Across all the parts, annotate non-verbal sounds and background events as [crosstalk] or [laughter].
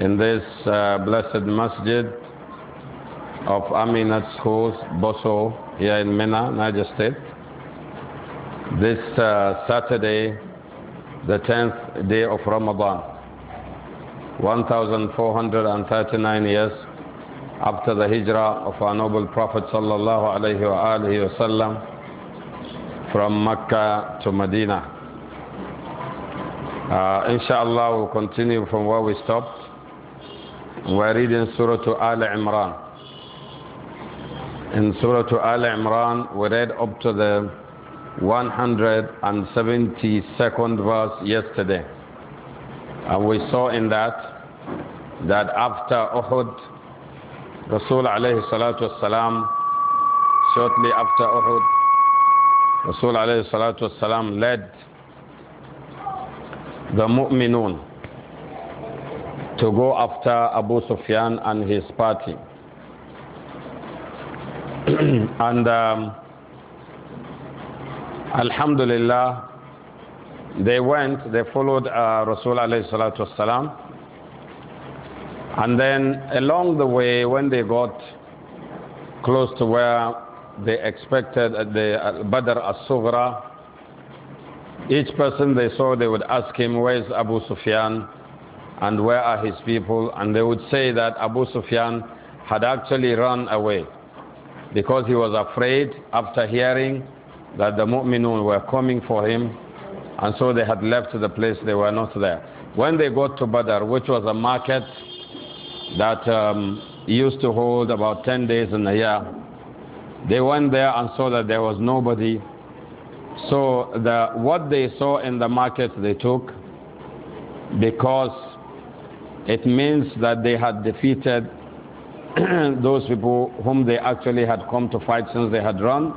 in this uh, blessed masjid of Aminat Schools, Boso, here in Minna, Niger State. This uh, Saturday, the 10th day of Ramadan, 1439 years after the hijrah of our noble Prophet sallallahu alaihi wasallam from Mecca to Medina. Uh, inshallah, we'll continue from where we stopped. We're reading Surah Al Imran. In Surah Al Imran, we read up to the 172nd verse yesterday. And we saw in that that after Uhud, Rasul alayhi salatu wasalam, shortly after Uhud, Rasul alayhi salatu wasalam led the mu'minun to go after Abu Sufyan and his party. [clears throat] and um, Alhamdulillah, they went, they followed uh, Rasul alayhi salatu wasalam. And then along the way, when they got close to where they expected uh, the uh, Badr as-Sughra, each person they saw, they would ask him, where is Abu Sufyan? and where are his people? And they would say that Abu Sufyan had actually run away because he was afraid after hearing that the mu'minun were coming for him and so they had left the place they were not there. When they got to Badr, which was a market that um, used to hold about 10 days in a year, they went there and saw that there was nobody. So the, what they saw in the market they took because it means that they had defeated [clears throat] those people whom they actually had come to fight since they had run.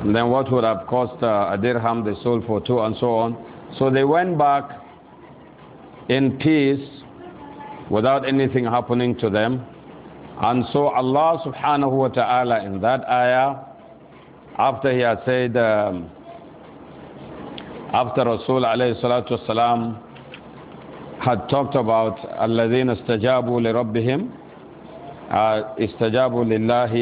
And then what would have cost uh, a dirham they sold for two and so on. So they went back in peace without anything happening to them. And so Allah subhanahu wa ta'ala in that ayah, after he had said, um, after Rasul alayhi salatu wasalam had talked about الَّذِينَ اسْتَجَابُوا لِرَبِّهِمْ اسْتَجَابُوا لِلَّهِ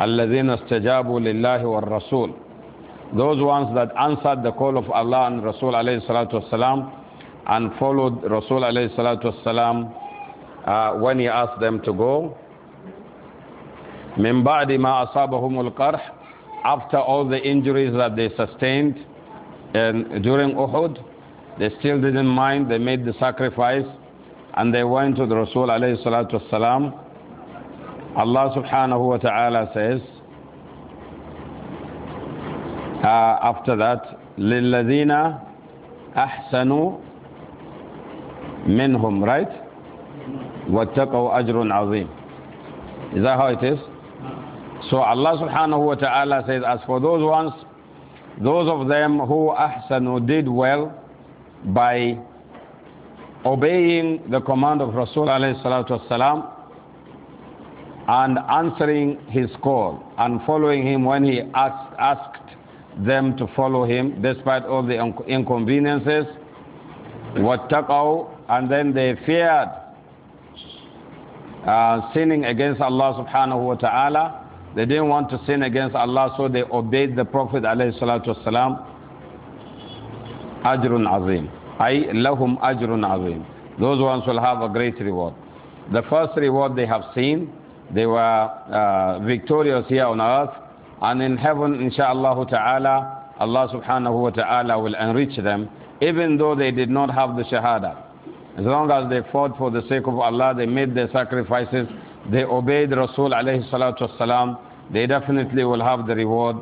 الَّذِينَ اسْتَجَابُوا لِلَّهِ وَالرَّسُولِ Those ones that answered the call of Allah and Rasul alayhi salatu wasalam and followed Rasul alayhi salatu wasalam uh, when he asked them to go. مِن بَعْدِ مَا أَصَابَهُمُ الْقَرْحِ After all the injuries that they sustained in, during Uhud, they still didn't mind. They made the sacrifice and they went to the Rasul alayhi salatu wasalam. Allah subhanahu wa ta'ala says, uh, after that, لِلَّذِينَ أَحْسَنُوا مِنْهُمْ Right? وَاتَّقَوْا أَجْرٌ عَظِيمٌ Is that how it is? So Allah subhanahu wa ta'ala says, as for those ones, those of them who ahsanu did well, by obeying the command of Rasul والسلام, and answering his call and following him when he asked, asked them to follow him despite all the inconveniences. out? And then they feared uh, sinning against Allah subhanahu wa ta'ala. They didn't want to sin against Allah, so they obeyed the Prophet alayhi Ajrun Azim. I lahum ajrun azim. Those ones will have a great reward. The first reward they have seen, they were uh, victorious here on earth, and in heaven, insha'Allah ta'ala, Allah subhanahu wa ta'ala will enrich them, even though they did not have the shahada. As long as they fought for the sake of Allah, they made their sacrifices, they obeyed Rasul alayhi salatu wasalam, they definitely will have the reward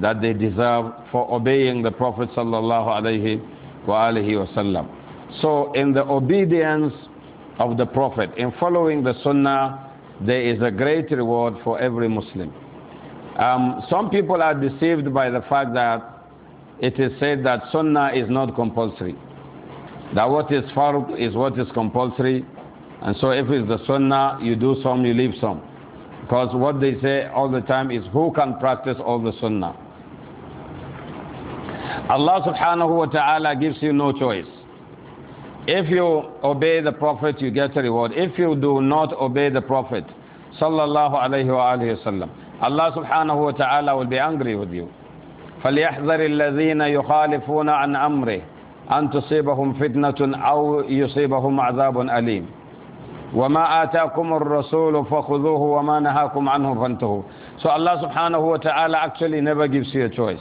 that they deserve for obeying the Prophet sallallahu alaihi wasallam. So in the obedience of the Prophet, in following the Sunnah, there is a great reward for every Muslim. Um, some people are deceived by the fact that it is said that Sunnah is not compulsory. That what is farq is what is compulsory, and so if it's the Sunnah, you do some, you leave some. Because what they say all the time is who can practice all the Sunnah? Allah subhanahu wa ta'ala gives you no choice. If you obey the Prophet, you get a reward. If you do not obey the Prophet, sallallahu alayhi wa sallam, Allah subhanahu wa ta'ala will be angry with you. فَلْيَحْذَرِ الَّذِينَ يُخَالِفُونَ عَنْ أَمْرِهِ أَن تُصِيبَهُمْ فِتْنَةٌ أَوْ يُصِيبَهُمْ عَذَابٌ أَلِيمٌ وما آتاكم الرسول فخذوه وما نهاكم عنه فانتهوا. So Allah subhanahu wa ta'ala actually never gives you a choice.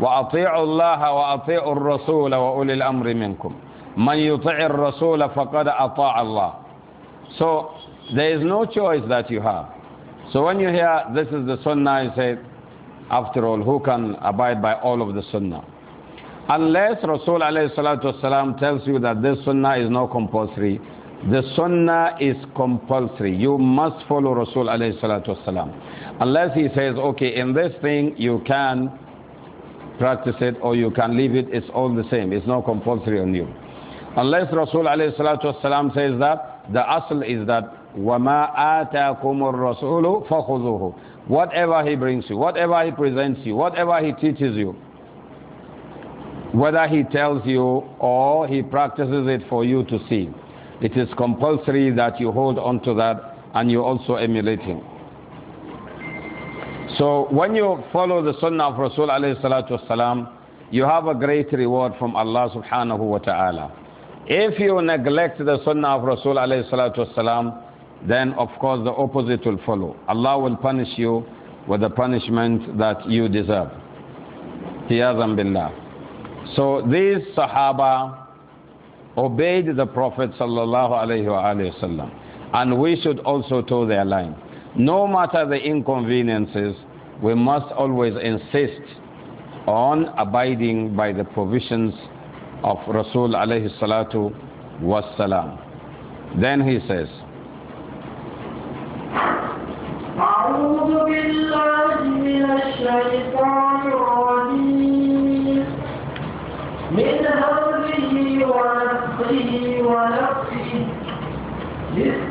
وأطيعوا الله وأطيعوا الرسول وأولي الأمر منكم من يطع الرسول فقد أطاع الله So there is no choice that you have. So when you hear this is the sunnah, you say, after all, who can abide by all of the sunnah? Unless Rasul والسلام, tells you that this sunnah is not compulsory, the sunnah is compulsory. You must follow Rasul والسلام. Unless he says, okay, in this thing you can practice it or you can leave it, it's all the same. It's not compulsory on you. Unless Rasul والسلام, says that, the asl is that, وَمَا آتَاكُمُ الرَّسُولُ فَخُذُوهُ Whatever he brings you, whatever he presents you, whatever he teaches you, whether he tells you or he practices it for you to see, it is compulsory that you hold on to that and you also emulate him. So when you follow the sunnah of Rasul alayhi salatu you have a great reward from Allah subhanahu wa ta'ala. If you neglect the sunnah of Rasul alayhi salatu then of course the opposite will follow. Allah will punish you with the punishment that you deserve. Tiyazam billah. So these Sahaba obeyed the Prophet sallallahu alayhi wa And we should also toe their line. No matter the inconveniences, we must always insist on abiding by the provisions of Rasul alayhi salatu wassalam. Then he says, من ونفسه ونفسه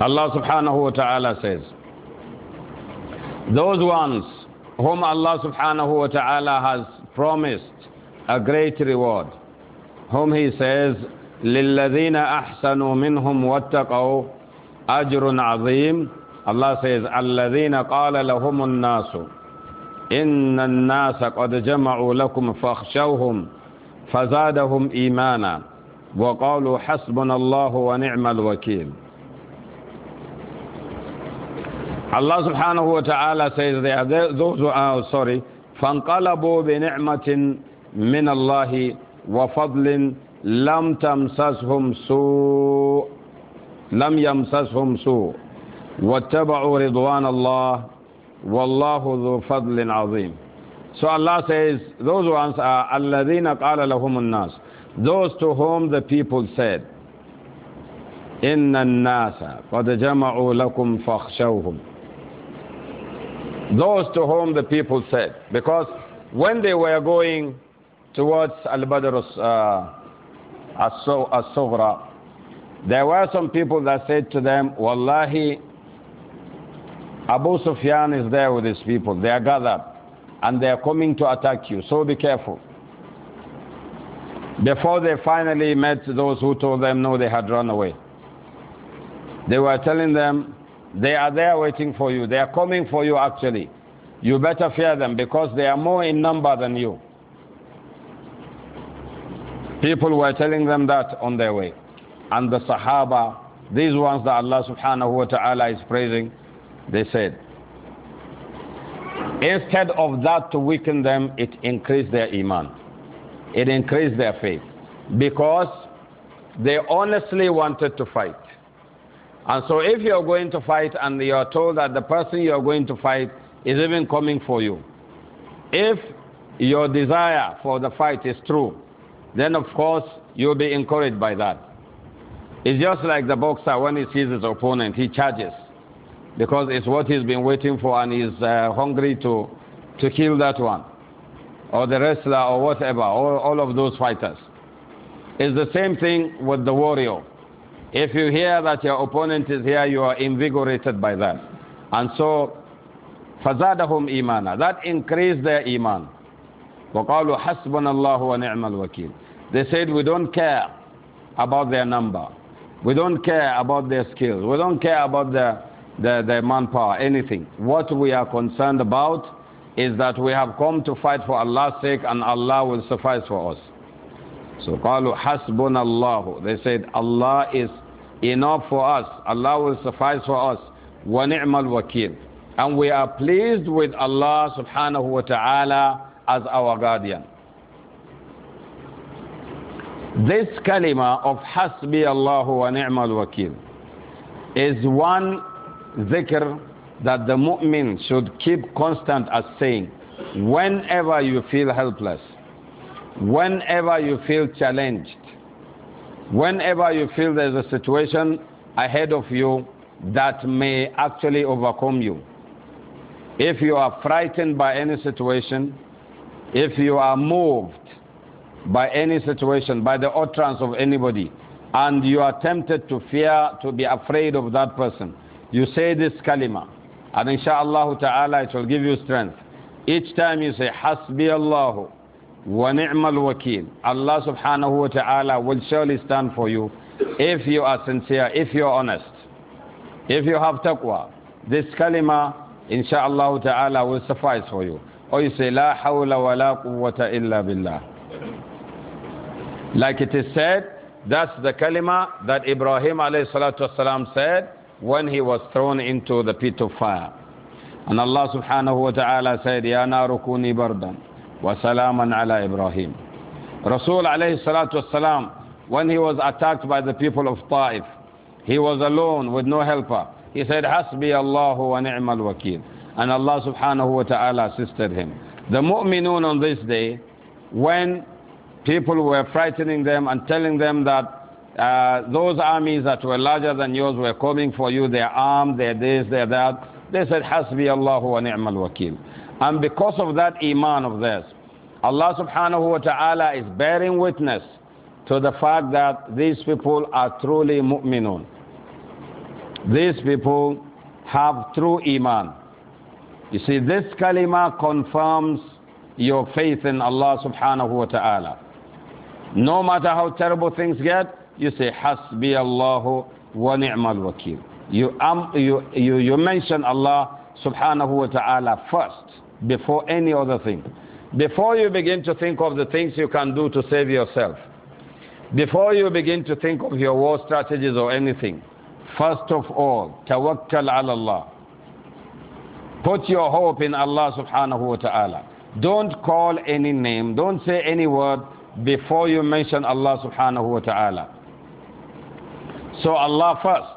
Allah subhanahu wa ta'ala says, Those ones whom Allah subhanahu wa ta'ala has promised a great reward, whom He says, لِلَّذِينَ أَحْسَنُوا مِنْهُمْ وَاتَّقَوْا أَجْرٌ عَظِيمٌ Allah says, الَّذِينَ قَالَ لَهُمُ النَّاسُ إِنَّ النَّاسَ قَدْ جَمَعُوا لَكُمْ فَاخْشَوْهُمْ فَزَادَهُمْ إِيمَانًا وَقَالُوا حَسْبُنَا اللَّهُ وَنِعْمَ الْوَكِيلُ Allah subhanahu wa ta'ala says they those who are sorry فانقلبوا بنعمة من الله وفضل لم تمسسهم سوء لم يمسسهم سوء واتبعوا رضوان الله والله ذو فضل عظيم So Allah says those ones are آه، الذين قال لهم الناس those to whom the people said إن الناس قد جمعوا لكم فاخشوهم Those to whom the people said. Because when they were going towards Al-Badr uh, As-Sughra, there were some people that said to them, Wallahi, Abu Sufyan is there with his people. They are gathered and they are coming to attack you. So be careful. Before they finally met those who told them no, they had run away. They were telling them, they are there waiting for you. They are coming for you actually. You better fear them because they are more in number than you. People were telling them that on their way. And the Sahaba, these ones that Allah subhanahu wa ta'ala is praising, they said, instead of that to weaken them, it increased their iman. It increased their faith. Because they honestly wanted to fight. And so if you're going to fight and you're told that the person you're going to fight is even coming for you, if your desire for the fight is true, then of course you'll be encouraged by that. It's just like the boxer when he sees his opponent, he charges because it's what he's been waiting for and he's uh, hungry to, to kill that one or the wrestler or whatever, all, all of those fighters. It's the same thing with the warrior. If you hear that your opponent is here, you are invigorated by that. And so, فَزَادَهُمْ إِيمَانًا That increased their iman. وَقَالُوا حَسْبَنَ اللَّهُ وَنِعْمَ الْوَكِيلُ They said, we don't care about their number. We don't care about their skills. We don't care about their, their, their manpower, anything. What we are concerned about is that we have come to fight for Allah's sake and Allah will suffice for us. So قالوا حسبنا الله. They said Allah is enough for us. Allah will suffice for us. ونعم الوكيل. And we are pleased with Allah subhanahu wa ta'ala as our guardian. This kalima of حسبي الله ونعم الوكيل is one dhikr that the mu'min should keep constant as saying whenever you feel helpless. Whenever you feel challenged, whenever you feel there's a situation ahead of you that may actually overcome you, if you are frightened by any situation, if you are moved by any situation, by the utterance of anybody, and you are tempted to fear, to be afraid of that person, you say this kalima. And inshallah ta'ala, it will give you strength. Each time you say, Hasbi Allahu وَنِعْمَ الْوَكِيلُ Allah subhanahu wa ta'ala will surely stand for you if you are sincere, if you are honest, if you have taqwa. This kalima, inshaAllah ta'ala, will suffice for you. Or oh, you say, La hawla wa la quwwata illa billah. Like it is said, that's the kalima that Ibrahim alayhi salatu wasalam said when he was thrown into the pit of fire. And Allah subhanahu wa ta'ala said, Ya narukuni bardan. وَسَلَامًا عَلَىٰ Ibrahim. Rasul alayhi salatu wasalam, when he was attacked by the people of Ta'if, he was alone with no helper. He said, Hasbi Allahu wa ni'mal wakil. And Allah subhanahu wa ta'ala assisted him. The mu'minun on this day, when people were frightening them and telling them that uh, those armies that were larger than yours were coming for you, they're armed, they're this, they're that, they said, Hasbi Allahu wa ni'mal wakil. And because of that iman of theirs, Allah subhanahu wa ta'ala is bearing witness to the fact that these people are truly mu'minun. These people have true iman. You see, this kalima confirms your faith in Allah subhanahu wa ta'ala. No matter how terrible things get, you say, Hasbi Allahu wa ni'mal wakil. You, um, you, you, you mention Allah subhanahu wa ta'ala first before any other thing. Before you begin to think of the things you can do to save yourself, before you begin to think of your war strategies or anything, first of all, tawakkal ala Allah. Put your hope in Allah subhanahu wa ta'ala. Don't call any name, don't say any word before you mention Allah subhanahu wa ta'ala. So Allah first.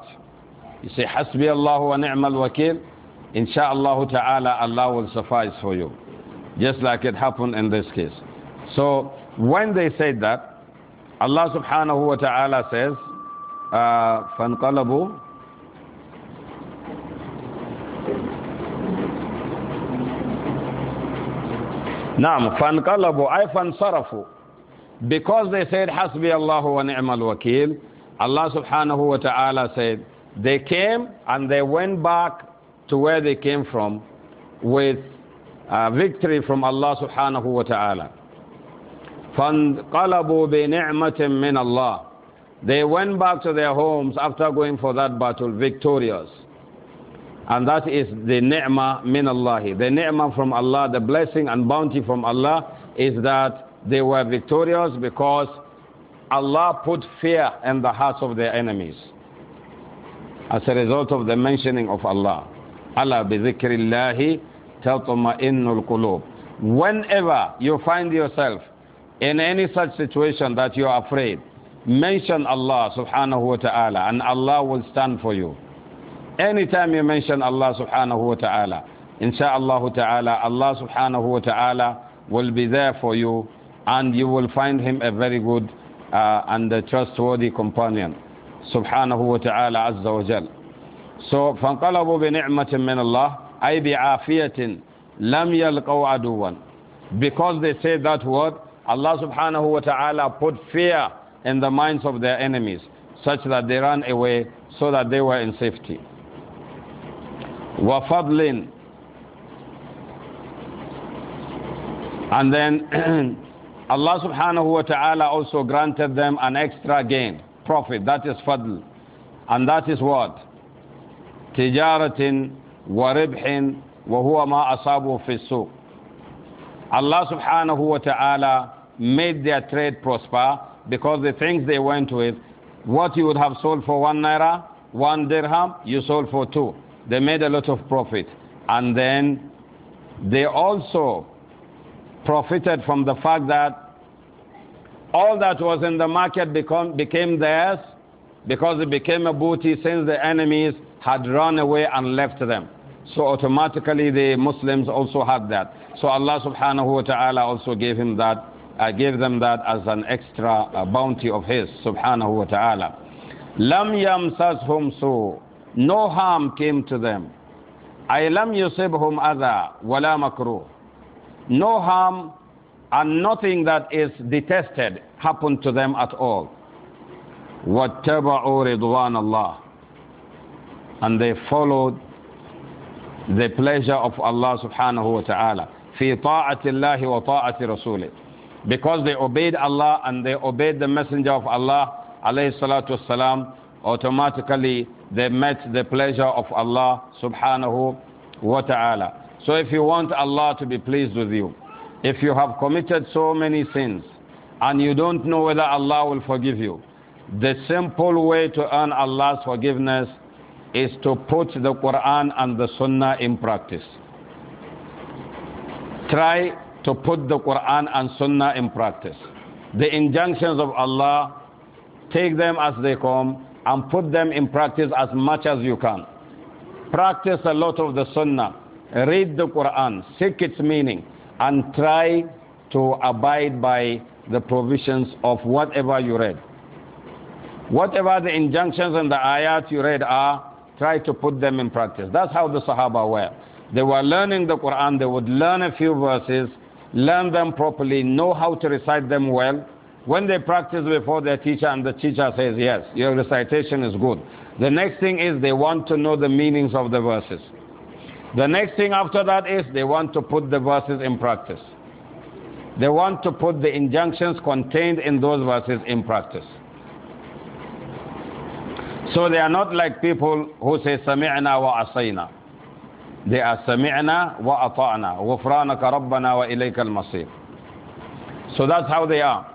You say, Hasbi Allah wa ni'mal wakil. Insha'Allah ta'ala, Allah will suffice for you. Just like it happened in this case. So when they said that, Allah subhanahu wa ta'ala says, uh, فَانْقَلَبُوا نعم فانقلبوا أي فانصرفوا because they said حسبي الله ونعم الوكيل Allah subhanahu wa ta'ala said they came and they went back to where they came from with a victory from Allah subhanahu wa ta'ala. بِنِعْمَةٍ مِّنَ اللَّهِ They went back to their homes after going for that battle victorious. And that is the ni'mah min Allah. The ni'mah from Allah, the blessing and bounty from Allah is that they were victorious because Allah put fear in the hearts of their enemies as a result of the mentioning of Allah bi qulub. Whenever you find yourself in any such situation that you are afraid, mention Allah subhanahu wa ta'ala and Allah will stand for you. Anytime you mention Allah subhanahu wa ta'ala, insha'Allah ta'ala, Allah subhanahu wa ta'ala will be there for you and you will find him a very good uh, and a trustworthy companion. Subhanahu wa ta'ala azza wa jalla. So فانقلبوا بنعمة من الله أي بعافية لم يلقوا عدوا because they said that word Allah subhanahu wa ta'ala put fear in the minds of their enemies such that they ran away so that they were in safety وفضل and then [clears throat] Allah subhanahu wa ta'ala also granted them an extra gain profit that is fadl and that is what تجارة وربح وهو ما أصابه في السوق Allah subhanahu wa ta'ala made their trade prosper because the things they went with, what you would have sold for one naira, one dirham, you sold for two. They made a lot of profit. And then they also profited from the fact that all that was in the market become, became theirs because it became a booty since the enemies had run away and left them. So automatically the Muslims also had that. So Allah subhanahu wa ta'ala also gave him that, uh, gave them that as an extra uh, bounty of his subhanahu wa ta'ala. Lam yamsashum su. No harm came to them. I lam yusibhum adha wala makruh. No harm and nothing that is detested happened to them at all. وَاتَّبَعُوا رِضْوَانَ اللَّهِ and they followed the pleasure of Allah subhanahu wa ta'ala. Fi ta'atillahi wa وطاعة رسوله. Because they obeyed Allah and they obeyed the Messenger of Allah alayhi salatu wasalam, automatically they met the pleasure of Allah subhanahu wa ta'ala. So if you want Allah to be pleased with you, if you have committed so many sins and you don't know whether Allah will forgive you, the simple way to earn Allah's forgiveness is to put the Quran and the Sunnah in practice. Try to put the Quran and Sunnah in practice. The injunctions of Allah, take them as they come and put them in practice as much as you can. Practice a lot of the Sunnah. Read the Quran, seek its meaning, and try to abide by the provisions of whatever you read. Whatever the injunctions and the ayat you read are, try to put them in practice. That's how the Sahaba were. They were learning the Quran, they would learn a few verses, learn them properly, know how to recite them well. When they practice before their teacher and the teacher says, Yes, your recitation is good. The next thing is they want to know the meanings of the verses. The next thing after that is they want to put the verses in practice. They want to put the injunctions contained in those verses in practice. So they are not like people who say سمعنا وعصينا. They are سمعنا وأطعنا غفرانك ربنا وإليك المصير. So that's how they are.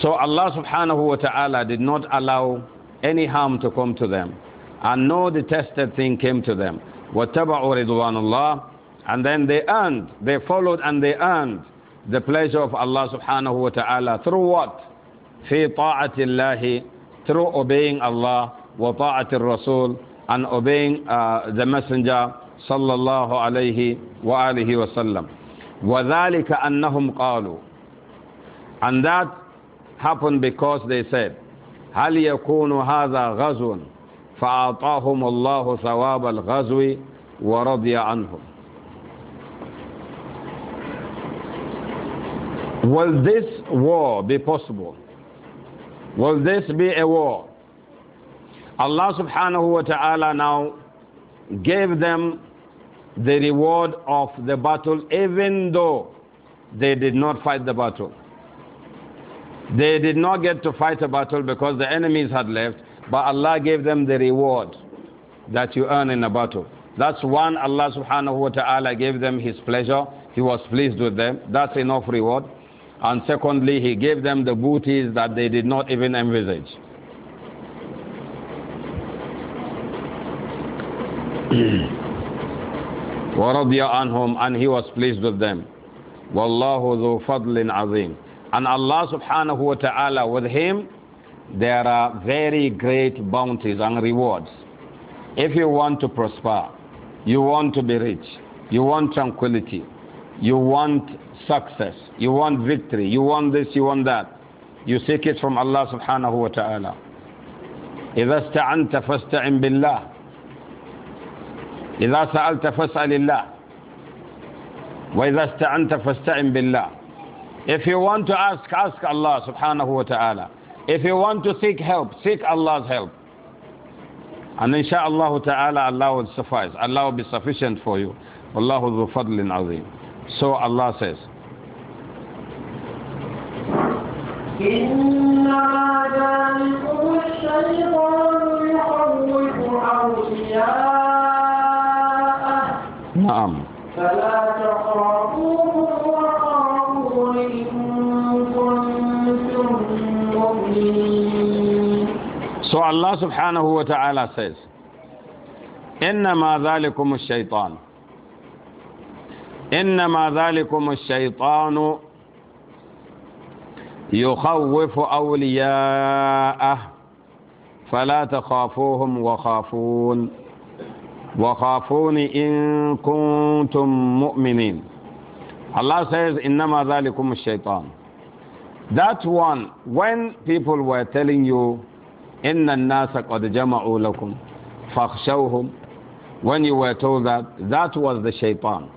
So Allah subhanahu wa ta'ala did not allow any harm to come to them. And no detested thing came to them. وَاتَّبَعُوا رِضْوَانُ اللَّهِ And then they earned, they followed and they earned the pleasure of Allah subhanahu wa ta'ala through what? فِي طَاعَةِ اللَّهِ through obeying Allah wa ta'atir Rasul and obeying uh, the Messenger sallallahu alayhi wa alihi wa sallam. وَذَلِكَ أَنَّهُمْ قَالُوا And that happened because they said, هَلْ يَكُونُ هَذَا غَزٌ فَأَعْطَاهُمُ اللَّهُ ثَوَابَ الْغَزْوِ وَرَضِيَ عَنْهُمْ Will this war be possible? Will this be a war? Allah subhanahu wa ta'ala now gave them the reward of the battle even though they did not fight the battle. They did not get to fight a battle because the enemies had left, but Allah gave them the reward that you earn in a battle. That's one, Allah subhanahu wa ta'ala gave them His pleasure. He was pleased with them. That's enough reward. And secondly, he gave them the booties that they did not even envisage. [clears throat] And he was pleased with them. وَاللَّهُ ذُو فَضْلٍ عَظِيمٍ And Allah subhanahu wa ta'ala with him, there are very great bounties and rewards. If you want to prosper, you want to be rich, you want tranquility, you want success, you want victory, you want this, you want that. You seek it from Allah subhanahu wa ta'ala. إذا استعنت فاستعن بالله إذا سألت فاسأل الله وإذا استعنت فاستعن بالله If you want to ask, ask Allah subhanahu wa ta'ala. If you want to seek help, seek Allah's help. And inshaAllah ta'ala, Allah will suffice. Allah will be sufficient for you. Wallahu dhu fadlin azim. So Allah says, إنما ذلكم الشيطان يخوف أولياءه نعم فلا تخافوه إن كنتم So Allah subhanahu wa ta'ala says, إنما ذلكم الشيطان إنما ذلكم الشيطان يخوف أولياءه فلا تخافوهم وخافون وخافون إن كنتم مؤمنين Allah says إنما ذلكم الشيطان That one, when people were telling you إن الناس قد جمعوا لكم فاخشوهم When you were told that, that was the shaitan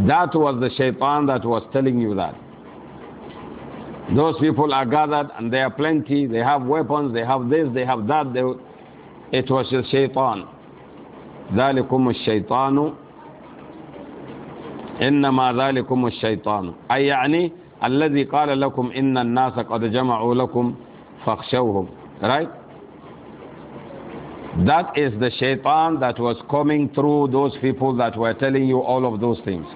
That was the shaitan that was telling you that. Those people are gathered and they are plenty. They have weapons, they have this, they have that. They, it was the shaitan. ذلكم الشيطان إنما ذلكم الشيطان أي يعني الذي قال لكم إن الناس قد جمعوا لكم فاخشوهم right that is the shaitan that was coming through those people that were telling you all of those things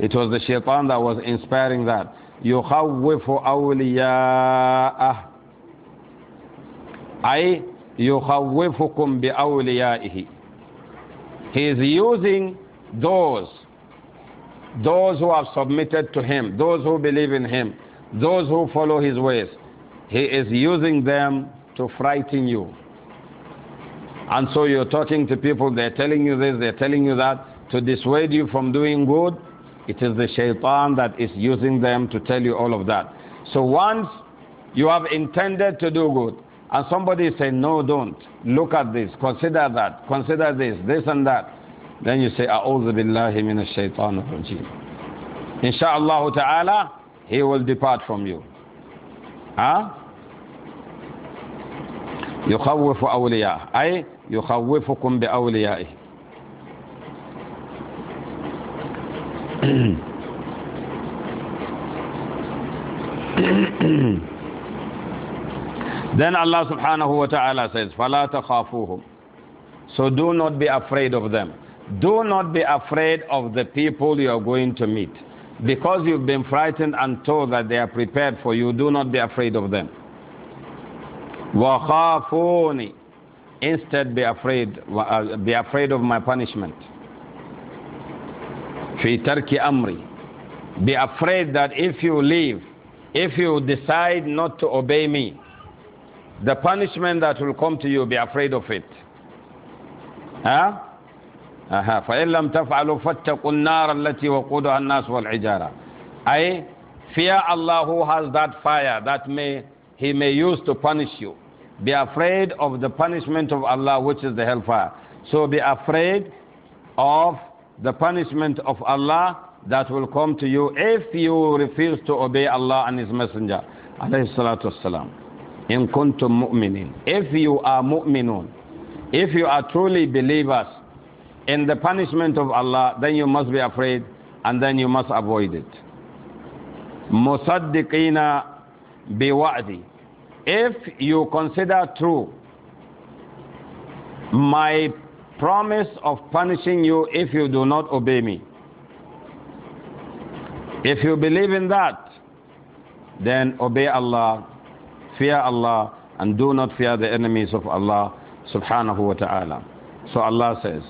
it was the shaitan that was inspiring that. يخوف أولياءه أي يخوفكم بأوليائه He is using those those who have submitted to him, those who believe in him, those who follow his ways. He is using them to frighten you. And so you're talking to people, they're telling you this, they're telling you that, to dissuade you from doing good, it is the shaitan that is using them to tell you all of that. So once you have intended to do good, and somebody say, No, don't. Look at this. Consider that. Consider this. This and that. Then you say, A'udhu billahi min shaitan rajim. Insha'Allah ta'ala, he will depart from you. Huh? يخوف أولياء أي يخوفكم بأوليائه [coughs] then Allah subhanahu wa ta'ala says, فَلَا تَخَافُوهُمْ So do not be afraid of them. Do not be afraid of the people you are going to meet. Because you've been frightened and told that they are prepared for you, do not be afraid of them. وَخَافُونِ Instead, be afraid, uh, be afraid of my punishment fi tarki amri. Be afraid that if you leave, if you decide not to obey me, the punishment that will come to you, be afraid of it. Huh? أها فإن لم تفعلوا فاتقوا النار التي وقودها الناس والحجارة أي fear Allah who has that fire that may he may use to punish you be afraid of the punishment of Allah which is the hellfire so be afraid of the punishment of Allah that will come to you if you refuse to obey Allah and His Messenger. Alayhi salatu wasalam. In kuntum mu'minin. If you are mu'minun, if you are truly believers in the punishment of Allah, then you must be afraid and then you must avoid it. Musaddiqina biwa'di. If you consider true my promise of punishing you if you do not obey me. If you believe in that, then obey Allah, fear Allah, and do not fear the enemies of Allah subhanahu wa ta'ala. So Allah says,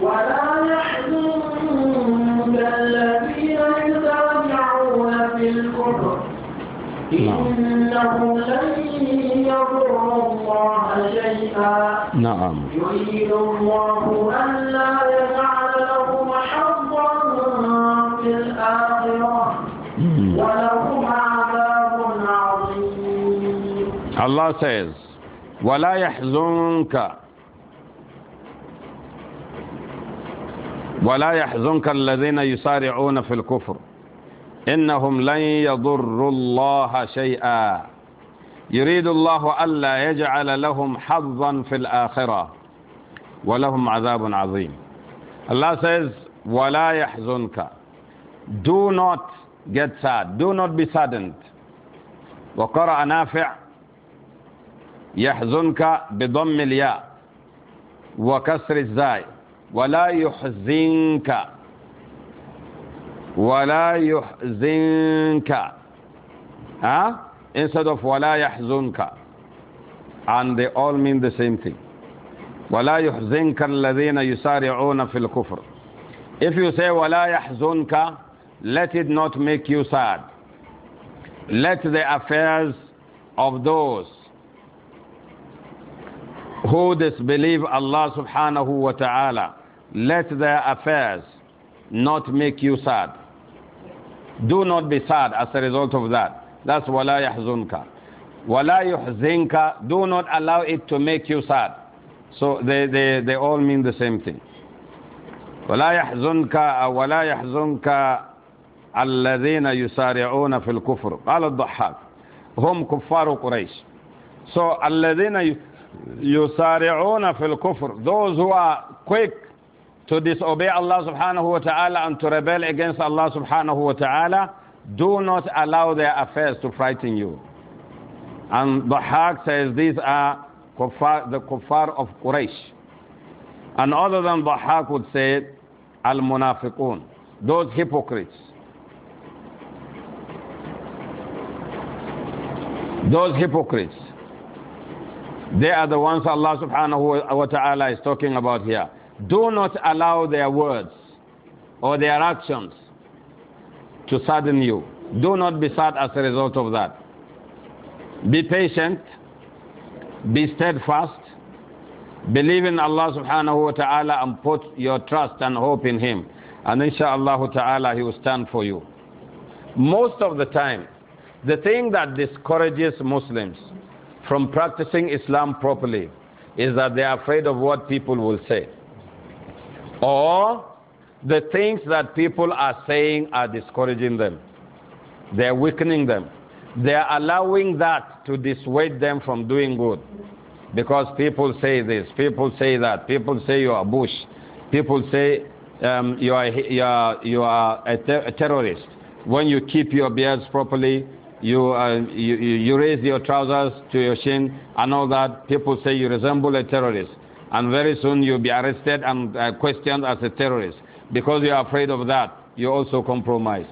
ولا يحزنك الذين يسارعون في الكفر نعم. إنه لن يضر الله شيئا نعم يريد الله أن لا يجعل لهم حظا في الآخرة ولهم عذاب عظيم الله says ولا يحزنك ولا يحزنك الذين يسارعون في الكفر إنهم لن يضروا الله شيئا يريد الله ألا يجعل لهم حظا في الآخرة ولهم عذاب عظيم الله says ولا يحزنك do not get sad do not be saddened وقرأ نافع يحزنك بضم الياء وكسر الزاي ولا يحزنك وَلَا يُحْزِنْكَ Instead of وَلَا يَحْزُنْكَ And they all mean the same thing. وَلَا يُحْزِنْكَ الَّذِينَ يُسَارِعُونَ فِي الْكُفْرِ If you say وَلَا يَحْزُنْكَ Let it not make you sad. Let the affairs of those who disbelieve Allah subhanahu wa ta'ala, let their affairs not make you sad. Do not be sad as a result of that. That's wala yahzunka. Wala yuhzinka. Do not allow it to make you sad. So they, they, they all mean the same thing. ولا يحزنك ولا يحزنك الذين fil في الكفر قال الضحاك هم كفار so الذين يسارعون في those who are quick to disobey Allah subhanahu wa ta'ala and to rebel against Allah subhanahu wa ta'ala, do not allow their affairs to frighten you. And Bahaq says these are kuffar, the kuffar of Quraysh. And other than Bahaq would say, al-munafiqun, those hypocrites. Those hypocrites. They are the ones Allah subhanahu wa ta'ala is talking about here do not allow their words or their actions to sadden you. Do not be sad as a result of that. Be patient, be steadfast, believe in Allah subhanahu wa ta'ala and put your trust and hope in Him. And inshaAllah ta'ala, He will stand for you. Most of the time, the thing that discourages Muslims from practicing Islam properly is that they are afraid of what people will say. Or the things that people are saying are discouraging them. They're weakening them. They're allowing that to dissuade them from doing good. Because people say this, people say that, people say you are Bush, people say um, you are, you are, you are a, ter a, terrorist. When you keep your beards properly, you, uh, you, you raise your trousers to your shin and all that, people say you resemble a terrorist and very soon you'll be arrested and uh, questioned as a terrorist. Because you're afraid of that, you also compromise.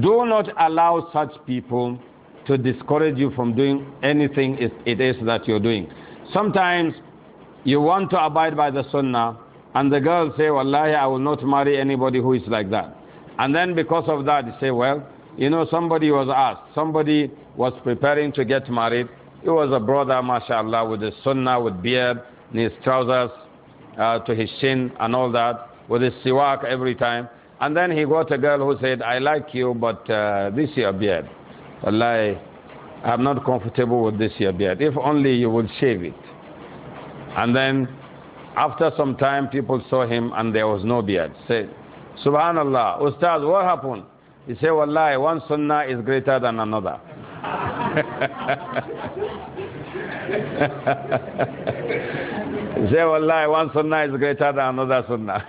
Do not allow such people to discourage you from doing anything it is that you're doing. Sometimes you want to abide by the sunnah, and the girls say, Wallahi, I will not marry anybody who is like that. And then because of that, you say, Well, you know, somebody was asked, somebody was preparing to get married. It was a brother, mashallah, with a sunnah, with beard, in his trousers uh, to his shin and all that, with his siwak every time. And then he got a girl who said, I like you, but uh, this your beard. Allah, I'm not comfortable with this your beard. If only you would shave it. And then after some time, people saw him and there was no beard. said Subhanallah, Ustad, what happened? He said, Wallahi, one sunnah is greater than another. [laughs] [laughs] You [laughs] say, Wallahi, one sunnah is greater than another sunnah.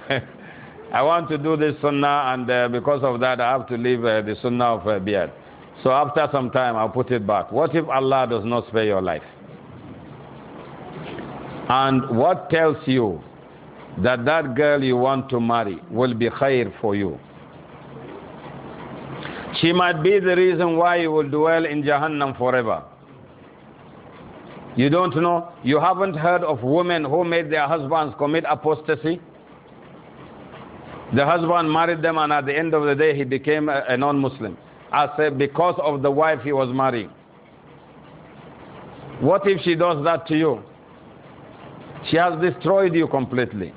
[laughs] I want to do this sunnah, and uh, because of that, I have to leave uh, the sunnah of uh, beard. So after some time, I'll put it back. What if Allah does not spare your life? And what tells you that that girl you want to marry will be khair for you? She might be the reason why you will dwell in Jahannam forever. You don't know? You haven't heard of women who made their husbands commit apostasy? The husband married them, and at the end of the day, he became a, non Muslim. I said, because of the wife he was marrying. What if she does that to you? She has destroyed you completely.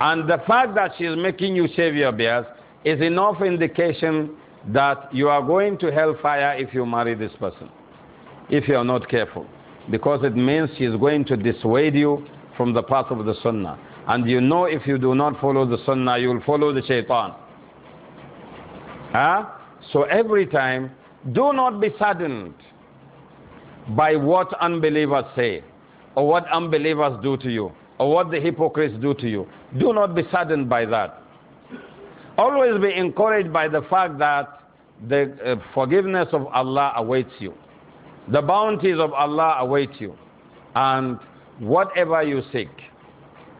And the fact that she is making you shave your beard is enough indication that you are going to hellfire if you marry this person, if you are not careful because it means he is going to dissuade you from the path of the sunnah. And you know if you do not follow the sunnah, you will follow the shaitan. Huh? So every time, do not be saddened by what unbelievers say, or what unbelievers do to you, or what the hypocrites do to you. Do not be saddened by that. Always be encouraged by the fact that the uh, forgiveness of Allah awaits you. The bounties of Allah await you. And whatever you seek,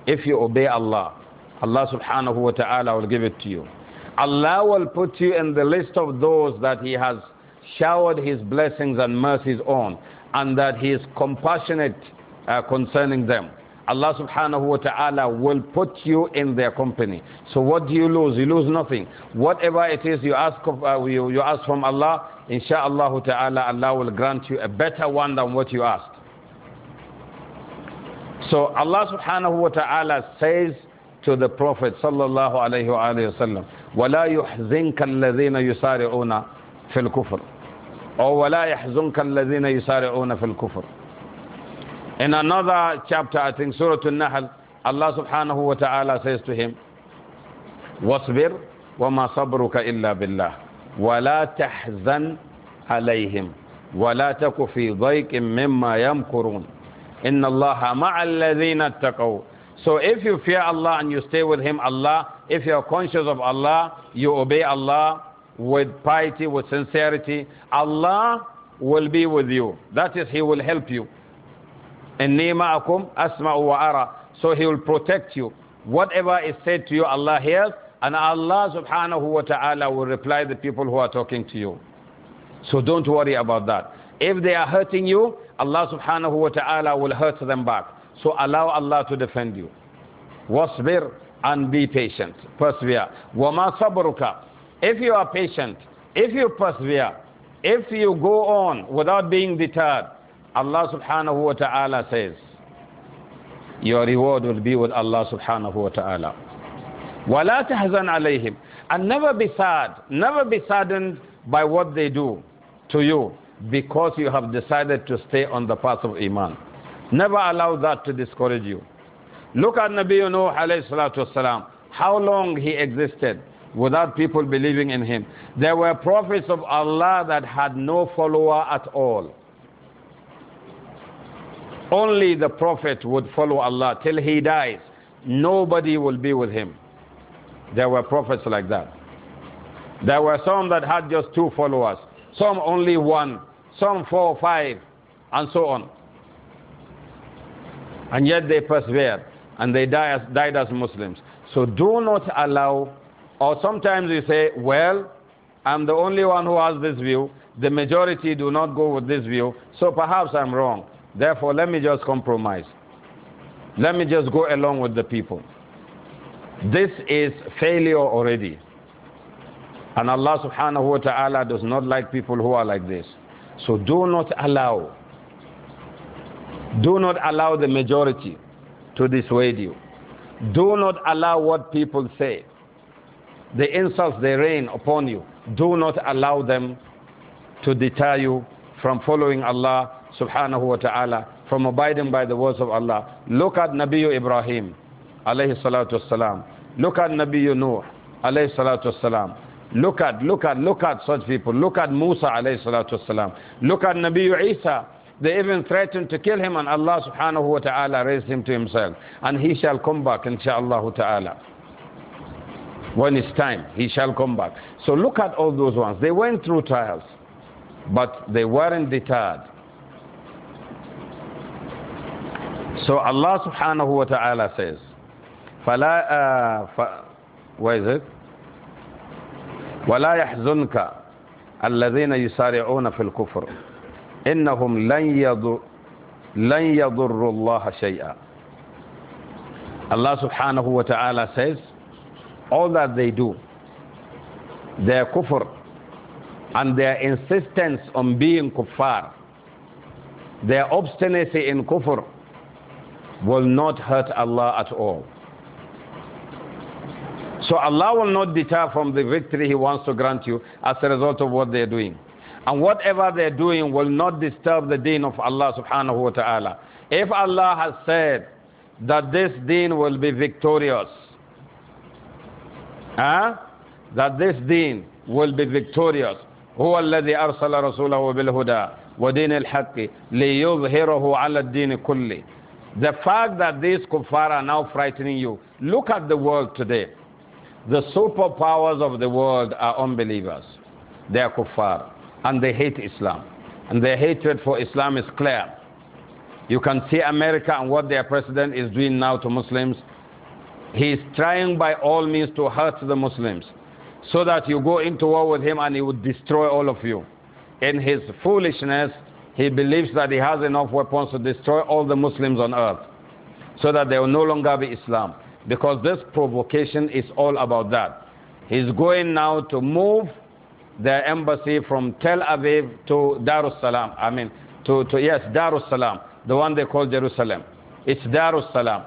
if you obey Allah, Allah subhanahu wa ta'ala will give it to you. Allah will put you in the list of those that He has showered His blessings and mercies on, and that He is compassionate uh, concerning them. Allah subhanahu wa ta'ala will put you in their company. So what do you lose? You lose nothing. Whatever it is you ask, of, uh, you, you ask from Allah, insha'Allah ta'ala, Allah will grant you a better one than what you asked. So Allah subhanahu wa ta'ala says to the Prophet sallallahu alayhi wa sallam, وَلَا يُحْزِنْكَ الَّذِينَ يُسَارِعُونَ فِي الْكُفْرِ أو وَلَا يَحْزُنْكَ الَّذِينَ يُسَارِعُونَ فِي الْكُفْرِ in another chapter, I think Surah Al-Nahl, Allah subhanahu wa ta'ala says to him, وَاصْبِرْ وَمَا صَبْرُكَ إِلَّا بِاللَّهِ وَلَا تَحْزَنْ عَلَيْهِمْ وَلَا تَكُ فِي ضَيْكٍ مِمَّا يَمْكُرُونَ إِنَّ اللَّهَ مَعَ الَّذِينَ اتَّقَوْا So if you fear Allah and you stay with Him, Allah, if you are conscious of Allah, you obey Allah with piety, with sincerity, Allah will be with you. That is, He will help you akum asmau wa ara, So He will protect you. Whatever is said to you, Allah hears, and Allah subhanahu wa ta'ala will reply the people who are talking to you. So don't worry about that. If they are hurting you, Allah subhanahu wa ta'ala will hurt them back. So allow Allah to defend you. Wasbir and be patient. Persevere. Wama sabruka. If you are patient, if you persevere, if you go on without being deterred, Allah subhanahu wa ta'ala says, your reward will be with Allah subhanahu wa ta'ala. وَلَا تَحْزَنْ عَلَيْهِمْ And never be sad, never be saddened by what they do to you because you have decided to stay on the path of Iman. Never allow that to discourage you. Look at Nabi Nuh alayhi salatu wasalam, how long he existed without people believing in him. There were prophets of Allah that had no follower at all. Only the Prophet would follow Allah till he dies. Nobody will be with him. There were prophets like that. There were some that had just two followers, some only one, some four, five, and so on. And yet they persevered and they as, died as Muslims. So do not allow, or sometimes you say, well, I'm the only one who has this view. The majority do not go with this view, so perhaps I'm wrong. Therefore, let me just compromise. Let me just go along with the people. This is failure already. And Allah subhanahu wa ta'ala does not like people who are like this. So do not allow, do not allow the majority to dissuade you. Do not allow what people say, the insults they rain upon you. Do not allow them to deter you from following Allah subhanahu wa ta'ala from abiding by the words of Allah. Look at Nabi Ibrahim alayhi salatu wasalam. Look at Nabi Nuh alayhi salatu wasalam. Look at, look at, look at such people. Look at Musa alayhi salatu wasalam. Look at Nabi Isa. They even threatened to kill him and Allah subhanahu wa ta'ala raised him to himself. And he shall come back insha'Allah ta'ala when it's time, he shall come back. So look at all those ones. They went through trials, but they weren't deterred. So Allah subhanahu wa ta'ala says, فَلَا uh, Where is it? وَلَا يَحْزُنْكَ الَّذِينَ يُسَارِعُونَ فِي الْكُفْرِ إِنَّهُمْ لَنْ يَضُرُّ لَنْ يَضُرُّ اللَّهَ شَيْئًا Allah subhanahu wa ta'ala says, all that they do, their kufr and their insistence on being kuffar, their obstinacy in kufr, will not hurt Allah at all. So Allah will not deter from the victory He wants to grant you as a result of what they're doing. And whatever they're doing will not disturb the deen of Allah subhanahu wa ta'ala. If Allah has said that this deen will be victorious, huh? that this deen will be victorious, هو الذي أرسل رسوله بالهدى ودين الحق ليظهره على الدين كله the fact that these kuffar are now frightening you. Look at the world today. The superpowers of the world are unbelievers. They are kuffar. And they hate Islam. And their hatred for Islam is clear. You can see America and what their president is doing now to Muslims. He is trying by all means to hurt the Muslims so that you go into war with him and he would destroy all of you. In his foolishness, he believes that he has enough weapons to destroy all the Muslims on earth so that there will no longer be Islam. Because this provocation is all about that. He's going now to move the embassy from Tel Aviv to Darussalam. I mean, to, to yes, Darussalam, the one they call Jerusalem. It's Darussalam.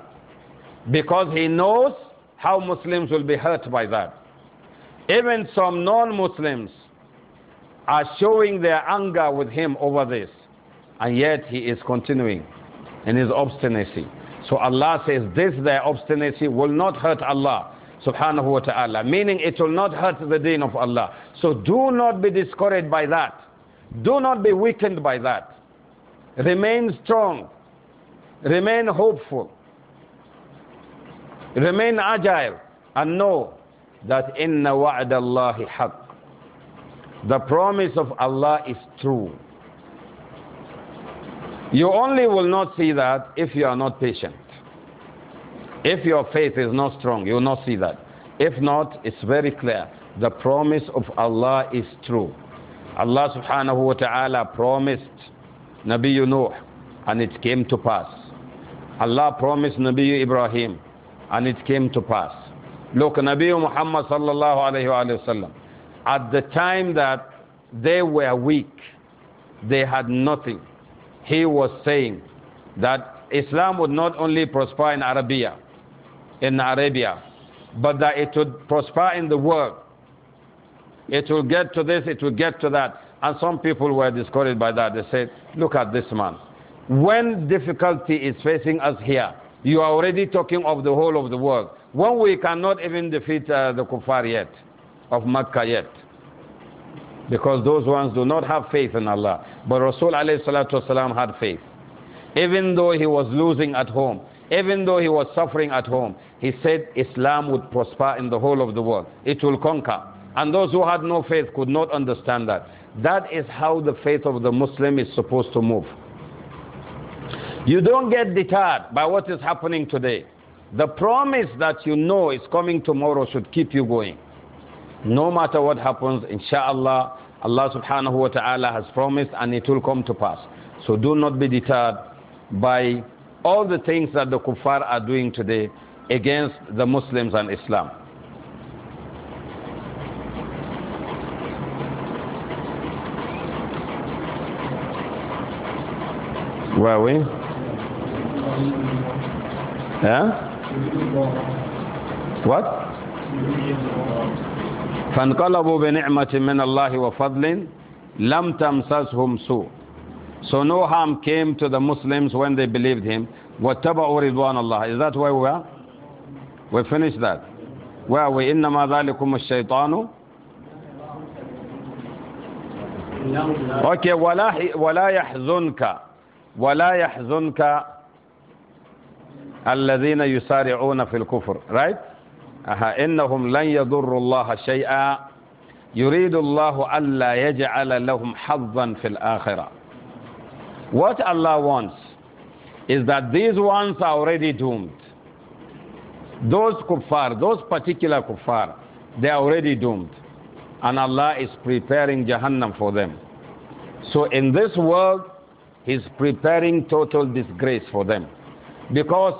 Because he knows how Muslims will be hurt by that. Even some non Muslims are showing their anger with him over this and yet he is continuing in his obstinacy. So Allah says this their obstinacy will not hurt Allah subhanahu wa ta'ala, meaning it will not hurt the deen of Allah. So do not be discouraged by that. Do not be weakened by that. Remain strong. Remain hopeful. Remain agile and know that inna wa'da Allahi The promise of Allah is true. You only will not see that if you are not patient. If your faith is not strong, you will not see that. If not, it's very clear. The promise of Allah is true. Allah subhanahu wa ta'ala promised Nabi Nuh and it came to pass. Allah promised Nabi Ibrahim and it came to pass. Look, Nabi Muhammad sallallahu alayhi wa sallam, at the time that they were weak, they had nothing he was saying that Islam would not only prosper in Arabia, in Arabia, but that it would prosper in the world. It will get to this, it will get to that. And some people were discouraged by that. They said, look at this man. When difficulty is facing us here, you are already talking of the whole of the world. When we cannot even defeat uh, the kuffar yet, of Makkah yet because those ones do not have faith in Allah. But Rasul والسلام, had faith. Even though he was losing at home, even though he was suffering at home, he said Islam would prosper in the whole of the world. It will conquer. And those who had no faith could not understand that. That is how the faith of the Muslim is supposed to move. You don't get deterred by what is happening today. The promise that you know is coming tomorrow should keep you going. No matter what happens, inshallah, Allah subhanahu wa ta'ala has promised and it will come to pass. So do not be deterred by all the things that the kuffar are doing today against the Muslims and Islam. Were we? Yeah? What? فانقلبوا بنعمة من الله وفضل لم تمسسهم سوء so no harm came to the Muslims when they believed him واتبعوا رضوان الله is that where we are we finished that where are we إنما ذلكم الشيطان okay ولا ولا يحزنك ولا يحزنك الذين يسارعون في الكفر right Innahum uh-huh. لن يضروا الله shay'a. يريد الله alla yajala لهم حظا fil akhirah. What Allah wants is that these ones are already doomed. Those kuffar, those particular kuffar, they are already doomed. And Allah is preparing Jahannam for them. So in this world, He's preparing total disgrace for them. Because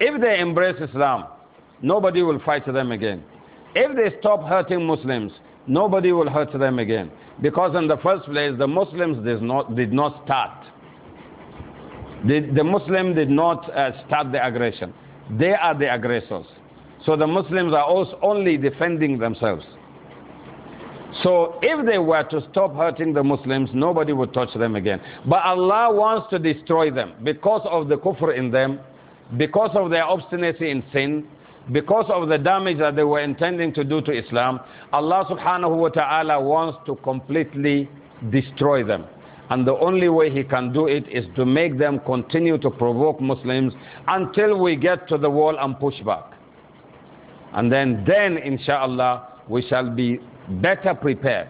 if they embrace Islam, nobody will fight them again. If they stop hurting Muslims, nobody will hurt them again. Because in the first place, the Muslims did not, did not start. The, the Muslim did not uh, start the aggression. They are the aggressors. So the Muslims are also only defending themselves. So if they were to stop hurting the Muslims, nobody would touch them again. But Allah wants to destroy them because of the kufr in them, because of their obstinacy in sin, because of the damage that they were intending to do to Islam, Allah subhanahu wa ta'ala wants to completely destroy them. And the only way He can do it is to make them continue to provoke Muslims until we get to the wall and push back. And then, then inshallah, we shall be better prepared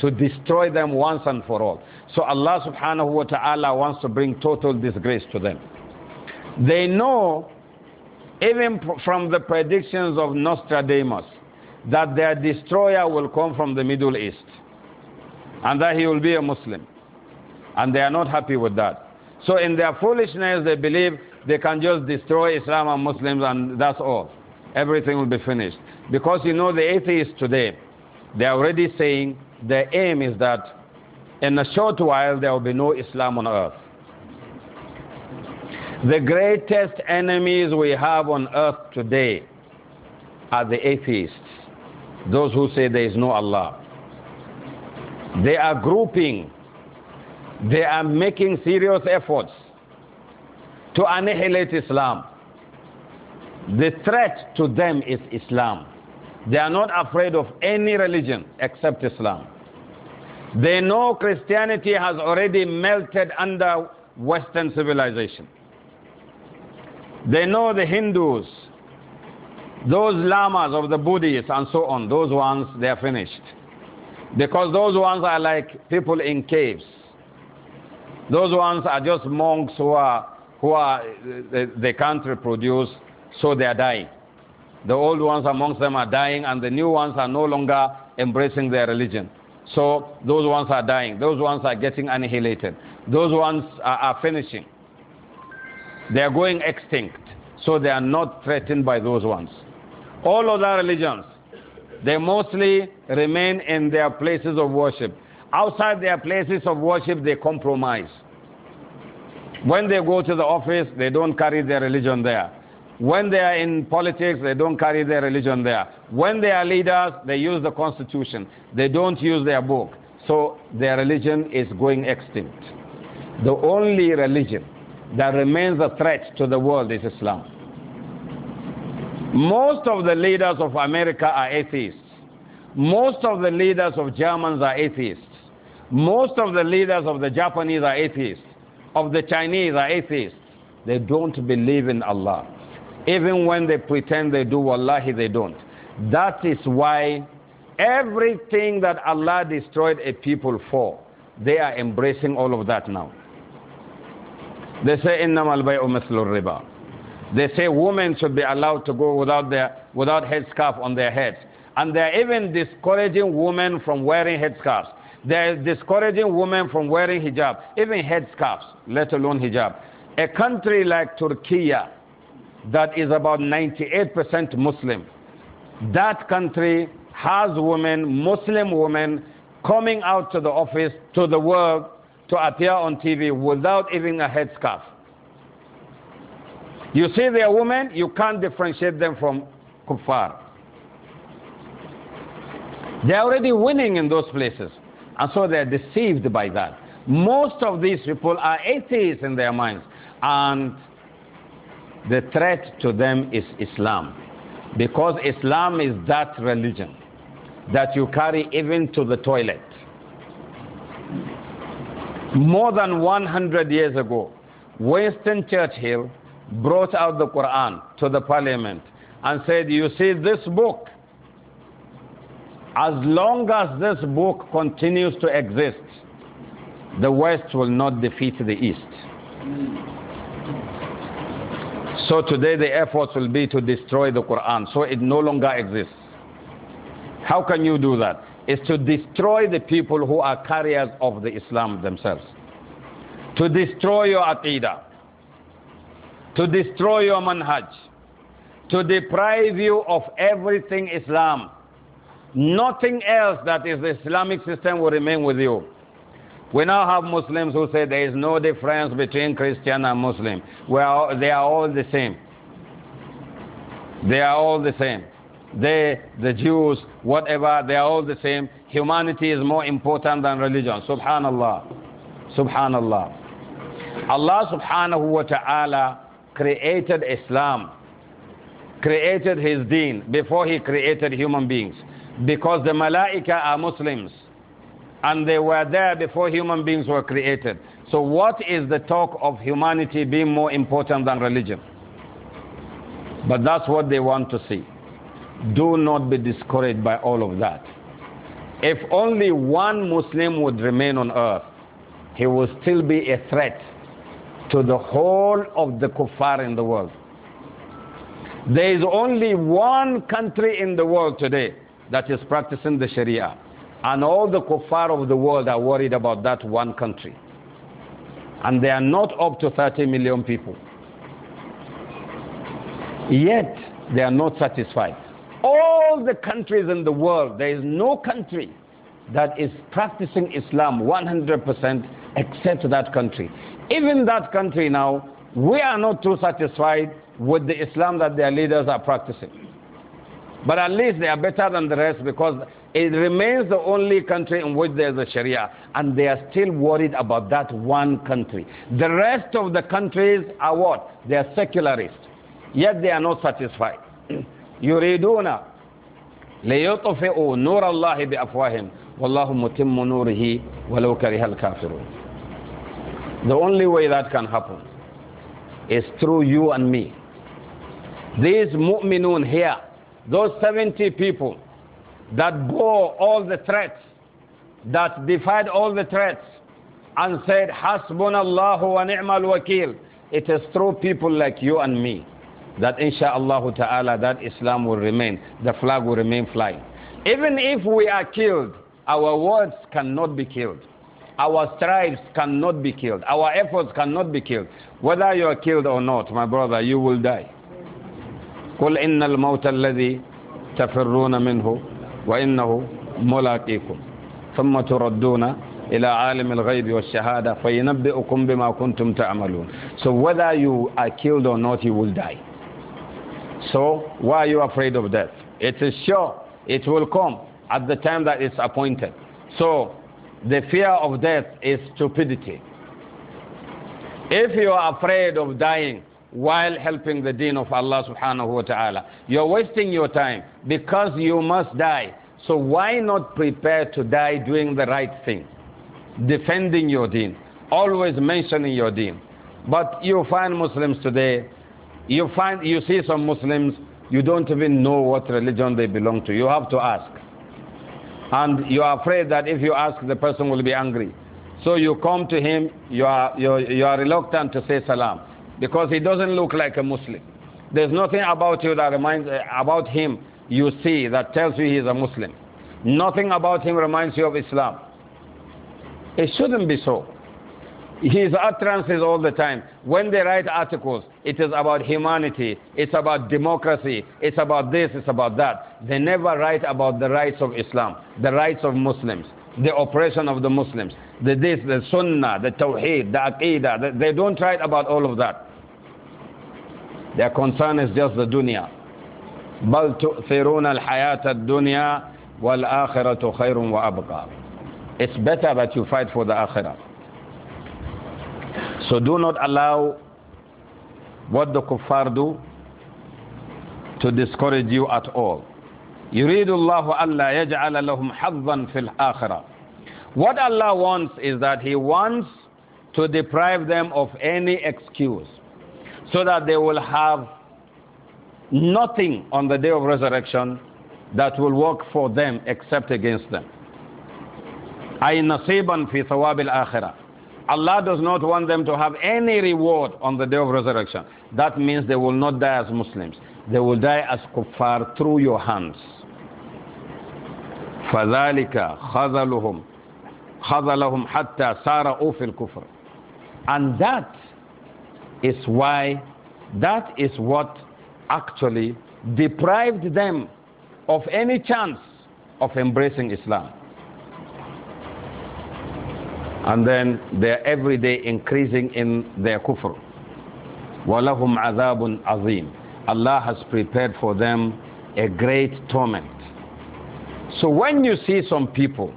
to destroy them once and for all. So Allah subhanahu wa ta'ala wants to bring total disgrace to them. They know even from the predictions of Nostradamus, that their destroyer will come from the Middle East and that he will be a Muslim. And they are not happy with that. So, in their foolishness, they believe they can just destroy Islam and Muslims, and that's all. Everything will be finished. Because you know, the atheists today, they are already saying their aim is that in a short while there will be no Islam on earth. The greatest enemies we have on earth today are the atheists, those who say there is no Allah. They are grouping, they are making serious efforts to annihilate Islam. The threat to them is Islam. They are not afraid of any religion except Islam. They know Christianity has already melted under Western civilization. They know the Hindus, those lamas of the Buddhists and so on, those ones, they are finished. Because those ones are like people in caves. Those ones are just monks who are, who are they, can't reproduce, so they are dying. The old ones amongst them are dying, and the new ones are no longer embracing their religion. So those ones are dying. Those ones are getting annihilated. Those ones are, are finishing. They are going extinct, so they are not threatened by those ones. All other religions, they mostly remain in their places of worship. Outside their places of worship, they compromise. When they go to the office, they don't carry their religion there. When they are in politics, they don't carry their religion there. When they are leaders, they use the constitution. They don't use their book. So their religion is going extinct. The only religion that remains a threat to the world is Islam. Most of the leaders of America are atheists. Most of the leaders of Germans are atheists. Most of the leaders of the Japanese are atheists. Of the Chinese are atheists. They don't believe in Allah. Even when they pretend they do, wallahi, they don't. That is why everything that Allah destroyed a people for, they are embracing all of that now. They say innamal bay'u mithlur riba. They say women should be allowed to go without their without headscarf on their heads. And they're even discouraging women from wearing headscarves. They're discouraging women from wearing hijab, even headscarves, let alone hijab. A country like Turkey that is about 98% Muslim, that country has women, Muslim women, coming out to the office, to the work, to appear on TV without even a headscarf. You see their women, you can't differentiate them from kuffar. They're already winning in those places, and so they're deceived by that. Most of these people are atheists in their minds, and the threat to them is Islam, because Islam is that religion that you carry even to the toilet. More than 100 years ago, Winston Churchill brought out the Quran to the parliament and said, You see, this book, as long as this book continues to exist, the West will not defeat the East. So today the efforts will be to destroy the Quran so it no longer exists. How can you do that? is to destroy the people who are carriers of the Islam themselves. To destroy your aqidah. To destroy your manhaj. To deprive you of everything Islam. Nothing else that is the Islamic system will remain with you. We now have Muslims who say there is no difference between Christian and Muslim. Well, they are all the same. They are all the same they, the Jews, whatever, they are all the same. Humanity is more important than religion. Subhanallah. Subhanallah. Allah subhanahu wa ta'ala created Islam, created his deen before he created human beings. Because the malaika are Muslims and they were there before human beings were created. So, what is the talk of humanity being more important than religion? But that's what they want to see do not be discouraged by all of that. If only one Muslim would remain on earth, he would still be a threat to the whole of the kuffar in the world. There is only one country in the world today that is practicing the Sharia, and all the kuffar of the world are worried about that one country. And they are not up to 30 million people. Yet, they are not satisfied all the countries in the world, there is no country that is practicing Islam 100% except that country. Even that country now, we are not too satisfied with the Islam that their leaders are practicing. But at least they are better than the rest because it remains the only country in which there is a Sharia, and they are still worried about that one country. The rest of the countries are what? They are secularists, yet they are not satisfied. [clears throat] يريدون ليطفئوا نور الله بأفواههم والله متم نوره ولو كره الكافرون The only way that can happen is through you and me. These mu'minun here, those 70 people that bore all the threats, that defied all the threats, and said, Hasbunallahu wa ni'mal wakil. It is through people like you and me that insha'Allah ta'ala that Islam will remain, the flag will remain flying. Even if we are killed, our words cannot be killed. Our strives cannot be killed. Our efforts cannot be killed. Whether you are killed or not, my brother, you will die. قل إن الموت الذي تفرون منه وإنه ملاقيكم ثم تردون إلى عالم الغيب والشهادة فينبئكم بما كنتم تعملون So whether you are killed or not, you will die. So why are you afraid of death? It is sure. It will come at the time that it's appointed. So the fear of death is stupidity. If you are afraid of dying while helping the deen of Allah subhanahu wa ta'ala, you're wasting your time because you must die. So why not prepare to die doing the right thing? Defending your deen, always mentioning your deen. But you find Muslims today, you find, you see some Muslims, you don't even know what religion they belong to. You have to ask. And you are afraid that if you ask, the person will be angry. So you come to him, you are, you, you are reluctant to say salam because he doesn't look like a Muslim. There's nothing about you that reminds about him you see that tells you he is a Muslim. Nothing about him reminds you of Islam. It shouldn't be so. His utterances all the time, when they write articles, it is about humanity, it's about democracy, it's about this, it's about that. They never write about the rights of Islam, the rights of Muslims, the oppression of the Muslims, the this, the sunnah, the tawheed, the aqidah. They don't write about all of that. Their concern is just the dunya. بل تؤثرون الحياة الدنيا والآخرة خير وأبقى It's better that you fight for the akhirah. So do not allow what the kuffar do to discourage you at all. يريد الله ألا يجعل لهم حظا في الآخرة. What Allah wants is that He wants to deprive them of any excuse so that they will have nothing on the day of resurrection that will work for them except against them. أي نصيبا في ثواب الآخرة. Allah does not want them to have any reward on the day of resurrection. That means they will not die as Muslims. They will die as kuffar through your hands. فَذَلِكَ خَذَلُهُمْ خَذَلَهُمْ حَتَّى سَارَ أُوفِ الْكُفْرِ And that is why, that is what actually deprived them of any chance of embracing Islam. And then they are every day increasing in their kufr. وَلَهُمْ عَذَابٌ azim. Allah has prepared for them a great torment. So when you see some people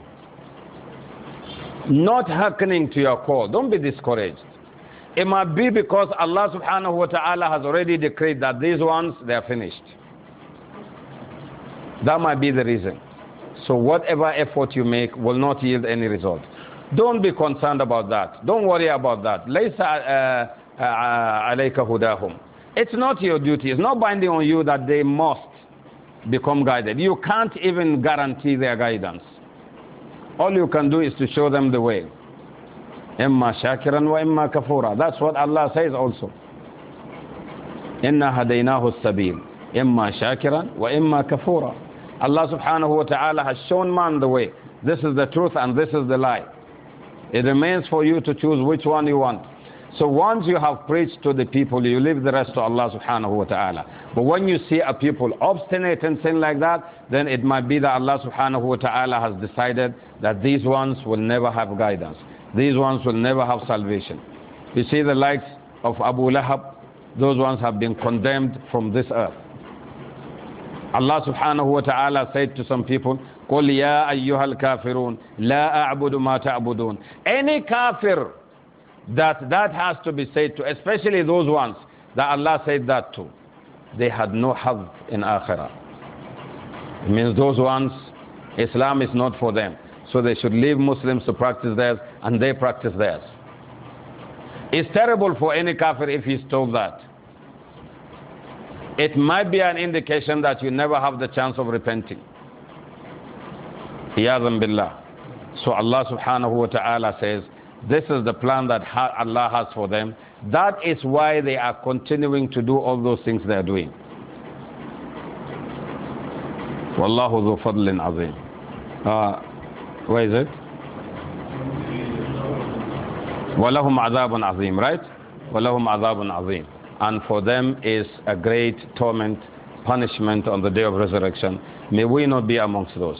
not hearkening to your call, don't be discouraged. It might be because Allah subhanahu wa ta'ala has already decreed that these ones, they are finished. That might be the reason. So whatever effort you make will not yield any result. Don't be concerned about that. Don't worry about that. لَيْسَ عَلَيْكَ هُدَاهُمْ It's not your duty. It's not binding on you that they must become guided. You can't even guarantee their guidance. All you can do is to show them the way. إِمَّا شَاكِرًا وَإِمَّا kafura. That's what Allah says also. إِنَّا هَدَيْنَاهُ السَّبِيلَ إِمَّا شَاكِرًا وَإِمَّا kafura. Allah subhanahu wa ta'ala has shown man the way. This is the truth and this is the lie. It remains for you to choose which one you want. So once you have preached to the people, you leave the rest to Allah subhanahu wa ta'ala. But when you see a people obstinate and sin like that, then it might be that Allah subhanahu wa ta'ala has decided that these ones will never have guidance. These ones will never have salvation. You see the likes of Abu Lahab, those ones have been condemned from this earth. Allah subhanahu wa ta'ala said to some people, قل يا أيها الكافرون لا أعبد ما تعبدون any kafir that that has to be said to especially those ones that Allah said that to they had no have in akhirah it means those ones Islam is not for them so they should leave Muslims to practice theirs and they practice theirs it's terrible for any kafir if he's told that it might be an indication that you never have the chance of repenting Iyadhan billah. So Allah subhanahu wa ta'ala says, this is the plan that Allah has for them. That is why they are continuing to do all those things they are doing. Wallahu dhu fadlin azim. Uh, where is it? Walahum adabun azim, right? Walahum adabun azim. And for them is a great torment, punishment on the day of resurrection. May we not be amongst those.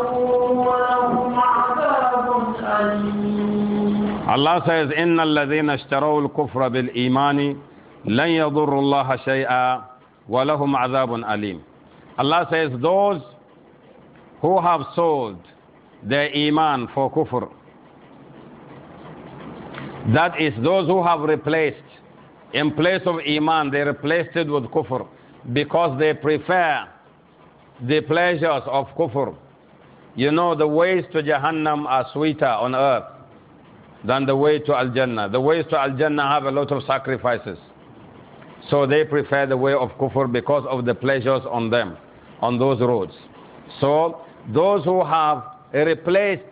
Allah says, إِنَّ الَّذِينَ اشْتَرَوُا الْكُفْرَ بِالْإِيمَانِ لَنْ يَضُرُّ اللَّهَ شَيْئًا وَلَهُمْ عَذَابٌ أَلِيمٌ Allah says, those who have sold their iman for kufr, that is, those who have replaced, in place of iman, they replaced it with kufr because they prefer the pleasures of kufr. You know, the ways to Jahannam are sweeter on earth than the way to Al Jannah. The ways to Al Jannah have a lot of sacrifices. So they prefer the way of kufr because of the pleasures on them, on those roads. So those who have replaced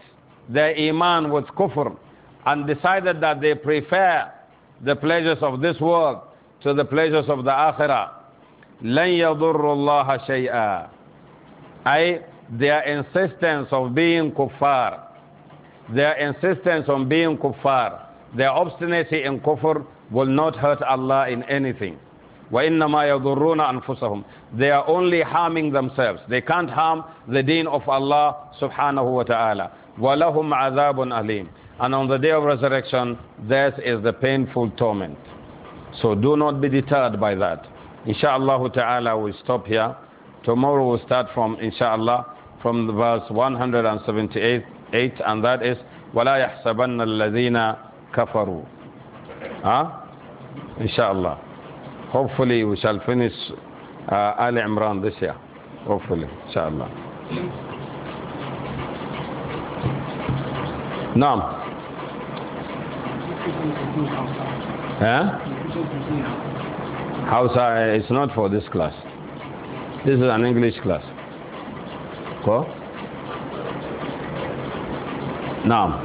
their iman with kufr and decided that they prefer the pleasures of this world to the pleasures of the akhirah, لن يضر الله شيئا. i their insistence of being kuffar their insistence on being kuffar, their obstinacy in kufr will not hurt Allah in anything. وَإِنَّمَا يَضُرُّونَ أَنفُسَهُمْ They are only harming themselves. They can't harm the deen of Allah subhanahu wa ta'ala. وَلَهُمْ عَذَابٌ أَلِيمٌ And on the day of resurrection, this is the painful torment. So do not be deterred by that. Insha'Allah ta'ala, we'll stop here. Tomorrow we'll start from, insha'Allah, from verse 178. 8, and that is, وَلَا يَحْسَبَنَّ الَّذِينَ كَفَرُوا huh? Inshallah. Hopefully we shall finish uh, Al Imran this year. Hopefully, inshallah. Now. Huh? Hausa is not for this class. This is an English class. Go. Now,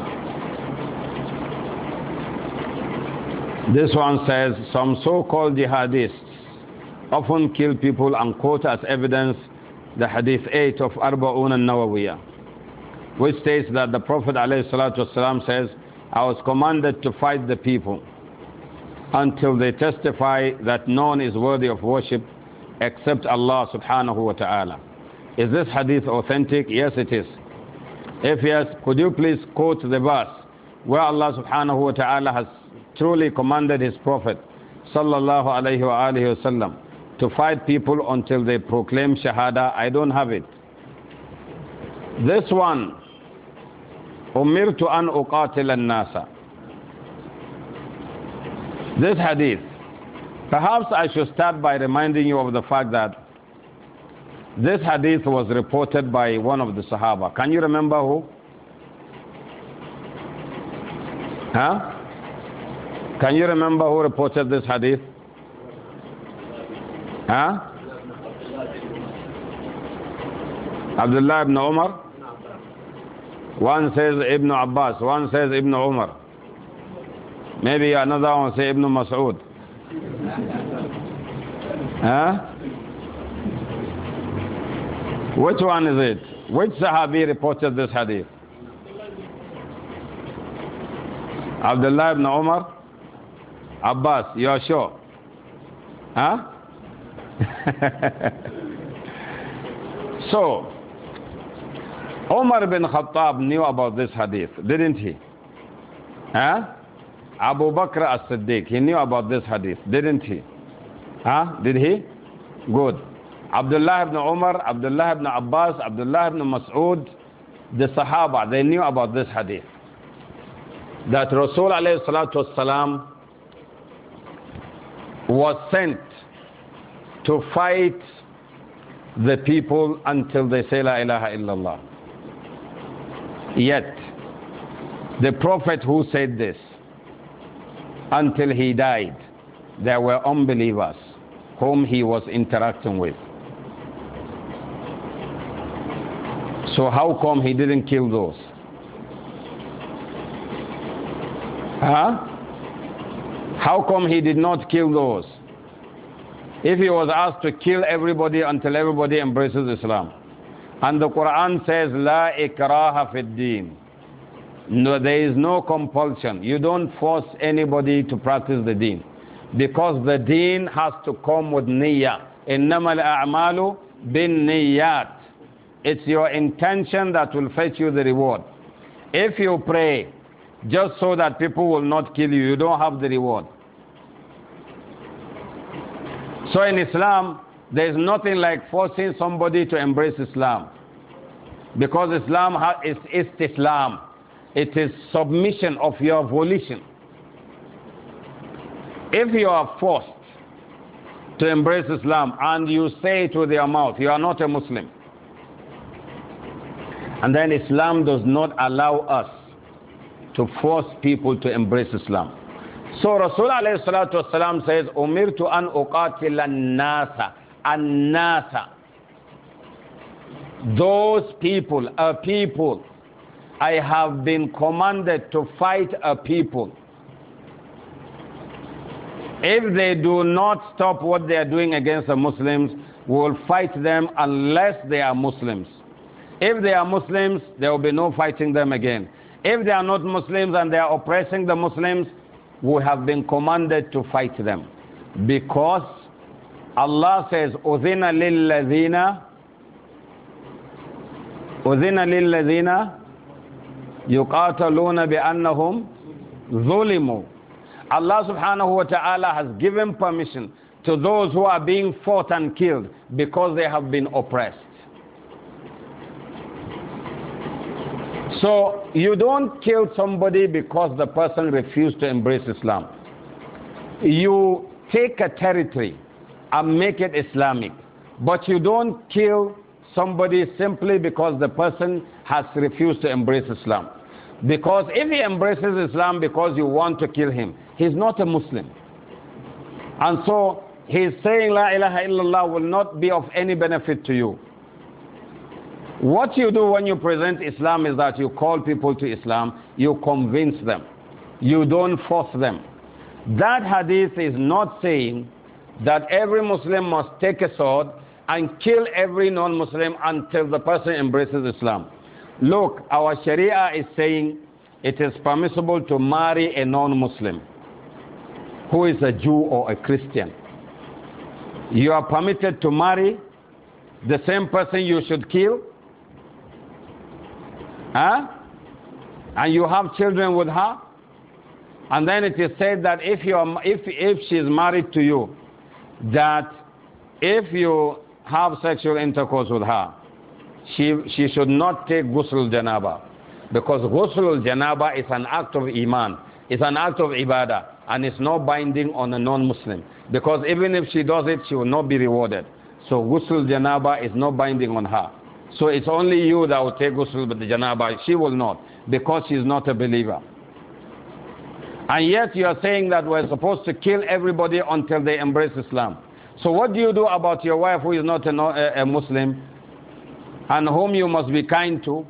this one says some so called jihadists often kill people and quote as evidence the hadith 8 of Arba'un al Nawawiyah, which states that the Prophet ﷺ says, I was commanded to fight the people until they testify that none is worthy of worship except Allah subhanahu wa ta'ala. Is this hadith authentic? Yes, it is. If yes, could you please quote the verse where Allah subhanahu wa ta'ala has truly commanded His Prophet sallallahu alayhi wa alayhi wasallam, to fight people until they proclaim Shahada? I don't have it. This one, أمرت أن أقاتل nasa this hadith. Perhaps I should start by reminding you of the fact that this hadith was reported by one of the Sahaba. Can you remember who? Huh? Can you remember who reported this hadith? Huh? Abdullah ibn Umar? One says Ibn Abbas, one says Ibn Umar. Maybe another one says Ibn Mas'ud. Huh? Which one is it? Which Sahabi reported this hadith? Abdullah ibn Umar? Abbas, you are sure? Huh? [laughs] so, Umar bin Khattab knew about this hadith, didn't he? Huh? Abu Bakr as-Siddiq, he knew about this hadith, didn't he? Huh? Did he? Good. Abdullah ibn Omar, Abdullah ibn Abbas, Abdullah ibn Mas'ud, the Sahaba, they knew about this hadith. That Rasul والسلام, was sent to fight the people until they say La ilaha illallah. Yet, the Prophet who said this, until he died, there were unbelievers whom he was interacting with. So how come he didn't kill those? Huh? How come he did not kill those? If he was asked to kill everybody until everybody embraces Islam. And the Quran says, La ikraha fid deen. No, there is no compulsion. You don't force anybody to practice the deen. Because the deen has to come with niyyah. إنما الأعمال بالنيات it's your intention that will fetch you the reward. If you pray just so that people will not kill you, you don't have the reward. So in Islam, there is nothing like forcing somebody to embrace Islam. Because Islam is Islam. It is submission of your volition. If you are forced to embrace Islam and you say it with your mouth, you are not a Muslim, and then Islam does not allow us to force people to embrace Islam. So Rasulullah says, Umir an an-nasa, an-nasa. Those people, a people, I have been commanded to fight a people. If they do not stop what they are doing against the Muslims, we will fight them unless they are Muslims. If they are Muslims, there will be no fighting them again. If they are not Muslims and they are oppressing the Muslims, we have been commanded to fight them. Because Allah says, أُذِنَ لِلَّذِينَ أُذِنَ لِلَّذِينَ يُقَاتَلُونَ بِأَنَّهُمْ zulimu." Allah subhanahu wa ta'ala has given permission to those who are being fought and killed because they have been oppressed. So you don't kill somebody because the person refused to embrace Islam. You take a territory and make it Islamic, but you don't kill somebody simply because the person has refused to embrace Islam. Because if he embraces Islam because you want to kill him, he's not a Muslim. And so he's saying La ilaha illallah will not be of any benefit to you. What you do when you present Islam is that you call people to Islam, you convince them, you don't force them. That hadith is not saying that every Muslim must take a sword and kill every non Muslim until the person embraces Islam. Look, our Sharia is saying it is permissible to marry a non Muslim who is a Jew or a Christian. You are permitted to marry the same person you should kill Huh? And you have children with her? And then it is said that if, you are, if, if she is married to you, that if you have sexual intercourse with her, she, she should not take ghusl janaba. Because ghusl janaba is an act of iman, it's an act of ibadah, and it's not binding on a non Muslim. Because even if she does it, she will not be rewarded. So ghusl janaba is not binding on her. So it's only you that will take ghusl with the janaba. She will not because she's not a believer. And yet you are saying that we're supposed to kill everybody until they embrace Islam. So what do you do about your wife who is not a, a Muslim and whom you must be kind to?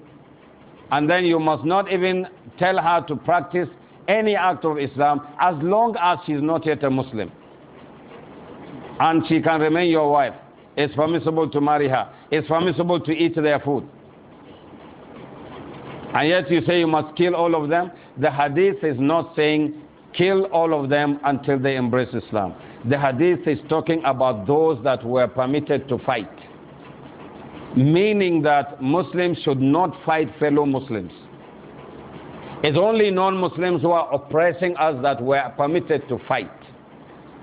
And then you must not even tell her to practice any act of Islam as long as she's not yet a Muslim. And she can remain your wife. It's permissible to marry her. It's permissible to eat their food. And yet you say you must kill all of them. The hadith is not saying kill all of them until they embrace Islam. The hadith is talking about those that were permitted to fight, meaning that Muslims should not fight fellow Muslims. It's only non Muslims who are oppressing us that were permitted to fight.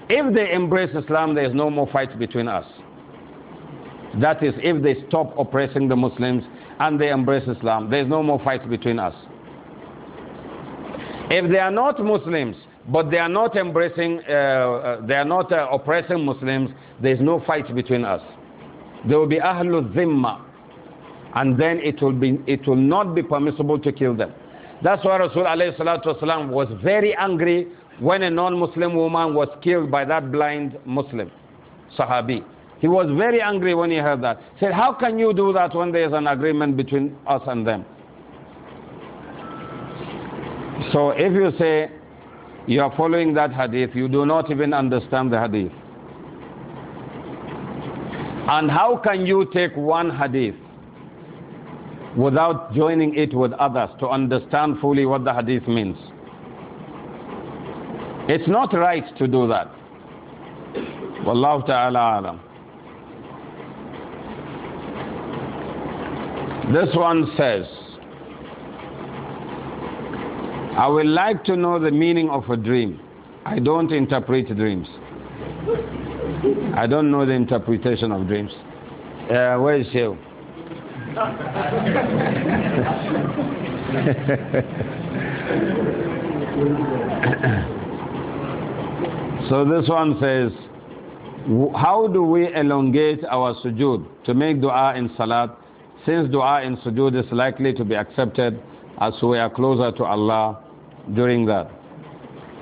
If they embrace Islam, there is no more fight between us. That is, if they stop oppressing the Muslims and they embrace Islam, there's no more fight between us. If they are not Muslims, but they are not embracing, uh, uh, they are not uh, oppressing Muslims, there's no fight between us. There will be Ahlul Zimma, and then it will, be, it will not be permissible to kill them. That's why Rasul والسلام, was very angry when a non Muslim woman was killed by that blind Muslim, Sahabi. He was very angry when he heard that. He said, How can you do that when there is an agreement between us and them? So if you say you are following that hadith, you do not even understand the hadith. And how can you take one hadith without joining it with others to understand fully what the hadith means? It's not right to do that. Wallahu ta'ala alam. This one says, I would like to know the meaning of a dream. I don't interpret dreams. I don't know the interpretation of dreams. Uh, where is you? [laughs] so this one says, how do we elongate our sujood to make dua in salat since dua in sujood is likely to be accepted as we are closer to Allah during that.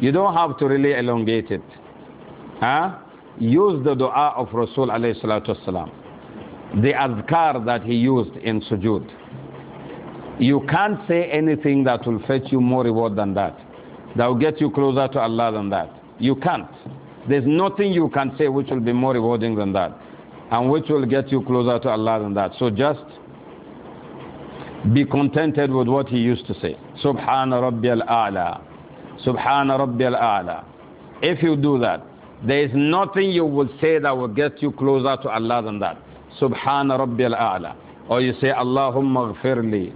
You don't have to really elongate it. Huh? Use the dua of Rasul alayhi salatu wasalam. The azkar that he used in sujood. You can't say anything that will fetch you more reward than that. That will get you closer to Allah than that. You can't. There's nothing you can say which will be more rewarding than that. And which will get you closer to Allah than that. So just be contented with what he used to say. Subhana Rabbi al-A'la. Subhana Rabbi al-A'la. If you do that, there is nothing you will say that will get you closer to Allah than that. Subhana Rabbi al-A'la. Or you say, Allahumma ghfirli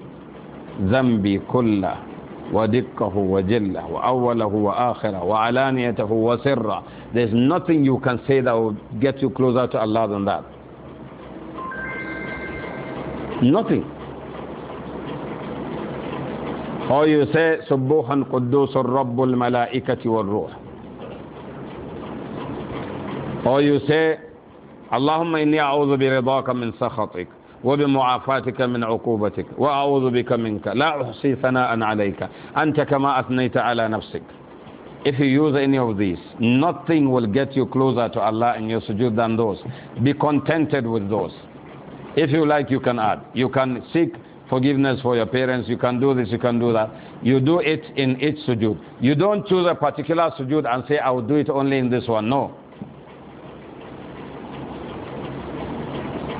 zambi kulla wa dikkahu wa jillah wa awwalahu wa akhirah wa wa There's nothing you can say that will get you closer to Allah than that. Nothing. خيساء سبوحا قدوس الرب الملائكة والروح خيساء اللهم إني أعوذ برضاك من سخطك وبمعافاتك من عقوبتك وأعوذ بك منك لا أحصي ثناء عليك أنت كما أثنيت على نفسك If you use any of these, nothing will get you closer to Allah in your sujood than those. Be contented with those. If you like, you can add. You can seek forgiveness for your parents, you can do this, you can do that. You do it in each sujood. You don't choose a particular sujood and say, I will do it only in this one. No.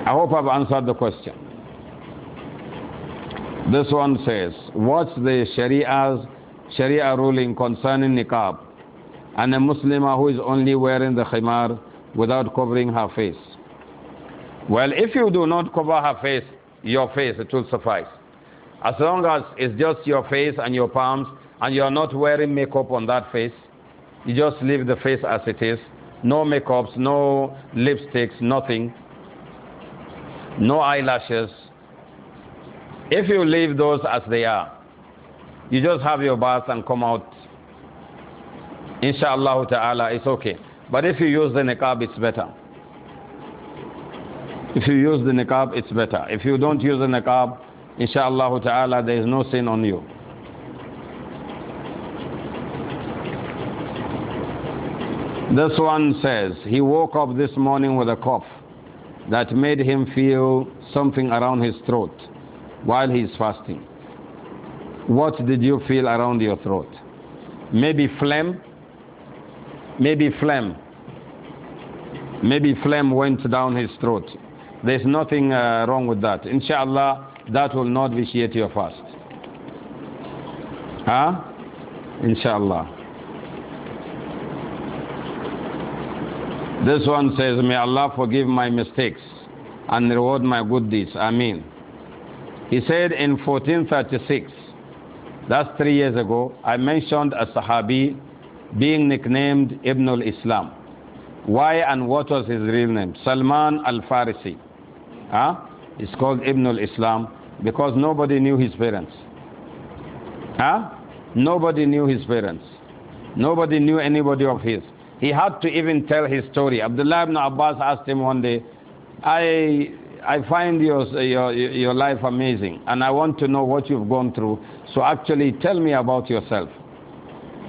I hope I've answered the question. This one says, What's the Sharia's Sharia ruling concerning niqab and a Muslimah who is only wearing the khimar without covering her face? Well, if you do not cover her face, your face, it will suffice. As long as it's just your face and your palms, and you're not wearing makeup on that face, you just leave the face as it is. No makeups, no lipsticks, nothing. No eyelashes. If you leave those as they are, you just have your bath and come out. Inshallah ta'ala, it's okay. But if you use the niqab, it's better. If you use the niqab, it's better. If you don't use the niqab, insha'Allah ta'ala, there is no sin on you. This one says, he woke up this morning with a cough that made him feel something around his throat while he's fasting. What did you feel around your throat? Maybe phlegm? Maybe phlegm. Maybe phlegm went down his throat. There's nothing uh, wrong with that. Inshallah, that will not vitiate your fast. Huh? Inshallah. This one says, May Allah forgive my mistakes and reward my good deeds. Ameen. He said in 1436, that's three years ago, I mentioned a Sahabi being nicknamed Ibn al Islam. Why and what was his real name? Salman al Farisi. Huh? It's called Ibn al-Islam because nobody knew his parents. Huh? Nobody knew his parents. Nobody knew anybody of his. He had to even tell his story. Abdullah ibn Abbas asked him one day, I, I find your, your, your life amazing and I want to know what you've gone through. So actually tell me about yourself.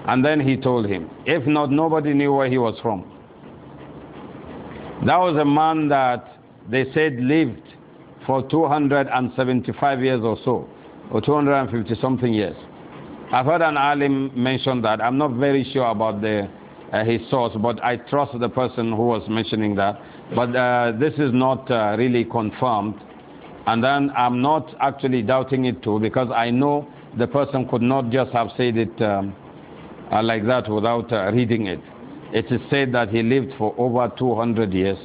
And then he told him. If not, nobody knew where he was from. That was a man that they said lived for 275 years or so, or 250 something years. I've heard an alim mention that. I'm not very sure about the, uh, his source, but I trust the person who was mentioning that. But uh, this is not uh, really confirmed. And then I'm not actually doubting it too, because I know the person could not just have said it um, uh, like that without uh, reading it. It is said that he lived for over 200 years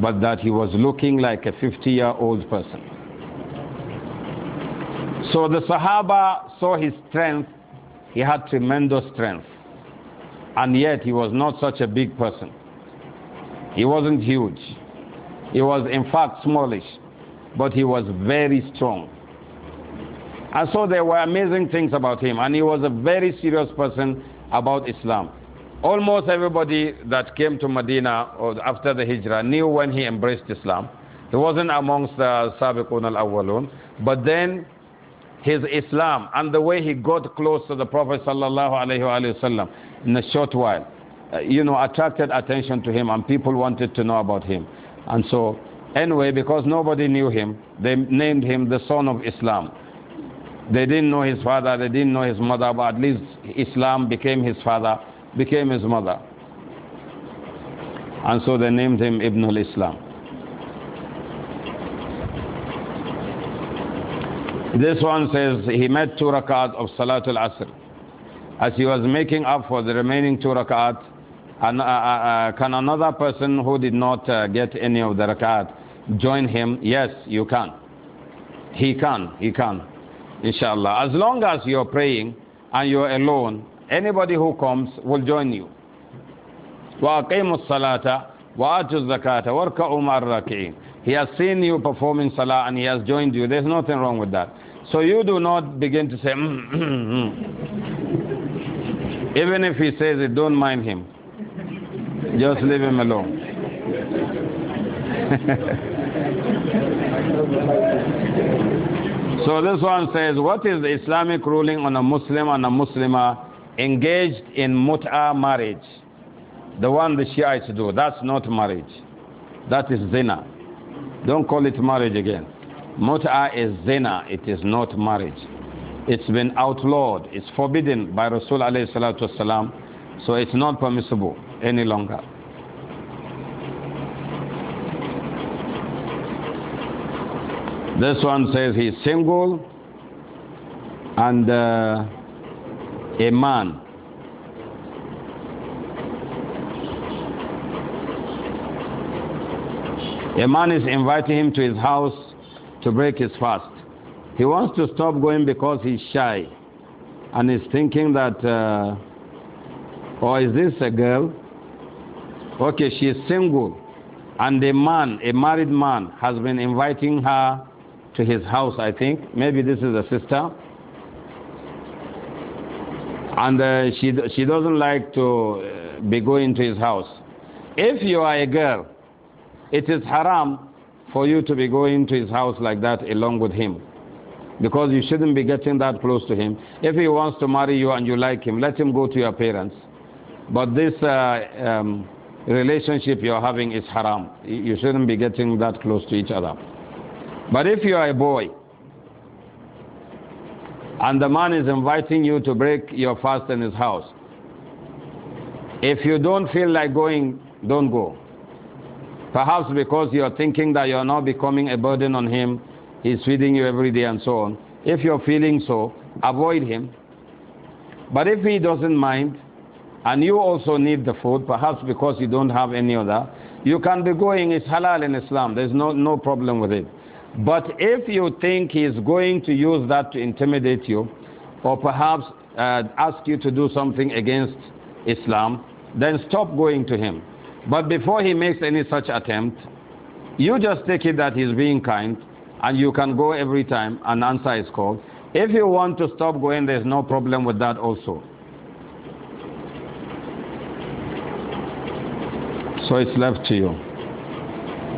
but that he was looking like a 50 year old person. So the Sahaba saw his strength. He had tremendous strength. And yet he was not such a big person. He wasn't huge. He was, in fact, smallish. But he was very strong. And so there were amazing things about him. And he was a very serious person about Islam. Almost everybody that came to Medina after the Hijrah knew when he embraced Islam. He wasn't amongst the Sabiqun al-Awwalun. But then his Islam and the way he got close to the Prophet sallallahu in a short while, uh, you know, attracted attention to him and people wanted to know about him. And so, anyway, because nobody knew him, they named him the son of Islam. They didn't know his father, they didn't know his mother, but at least Islam became his father became his mother. And so they named him Ibn al Islam. This one says he met two rakat of Salatul Asr. As he was making up for the remaining two rakat, uh, uh, uh, can another person who did not uh, get any of the rakat join him? Yes, you can. He can, he can. Inshallah. As long as you're praying and you're alone, Anybody who comes will join you. وَأَقِيمُوا الصَّلَاةَ وَآتُوا الزَّكَاةَ وَارْكَعُوا مَعَ الرَّاكِعِينَ He has seen you performing salah and he has joined you. There's nothing wrong with that. So you do not begin to say, mm, mm, mm, Even if he says it, don't mind him. Just leave him alone. [laughs] so this one says, what is the Islamic ruling on a Muslim and a Muslimah engaged in mut'a marriage, the one the Shiites do, that's not marriage. That is zina. Don't call it marriage again. Mut'a is zina, it is not marriage. It's been outlawed, it's forbidden by Rasul alayhi salatu wasalam, so it's not permissible any longer. This one says he's single and uh, a man. A man is inviting him to his house to break his fast. He wants to stop going because he's shy and he's thinking that, uh, or oh, is this a girl? Okay, she's single, and a man, a married man, has been inviting her to his house, I think. Maybe this is a sister and uh, she, she doesn't like to uh, be going to his house. If you are a girl, it is haram for you to be going to his house like that along with him. Because you shouldn't be getting that close to him. If he wants to marry you and you like him, let him go to your parents. But this uh, um, relationship you're having is haram. You shouldn't be getting that close to each other. But if you are a boy, and the man is inviting you to break your fast in his house. If you don't feel like going, don't go. Perhaps because you're thinking that you're now becoming a burden on him, he's feeding you every day and so on. If you're feeling so, avoid him. But if he doesn't mind, and you also need the food, perhaps because you don't have any other, you can be going, it's halal in Islam, there's no, no problem with it. But if you think he's going to use that to intimidate you, or perhaps uh, ask you to do something against Islam, then stop going to him. But before he makes any such attempt, you just take it that he's being kind, and you can go every time an answer is called. If you want to stop going, there's no problem with that also. So it's left to you.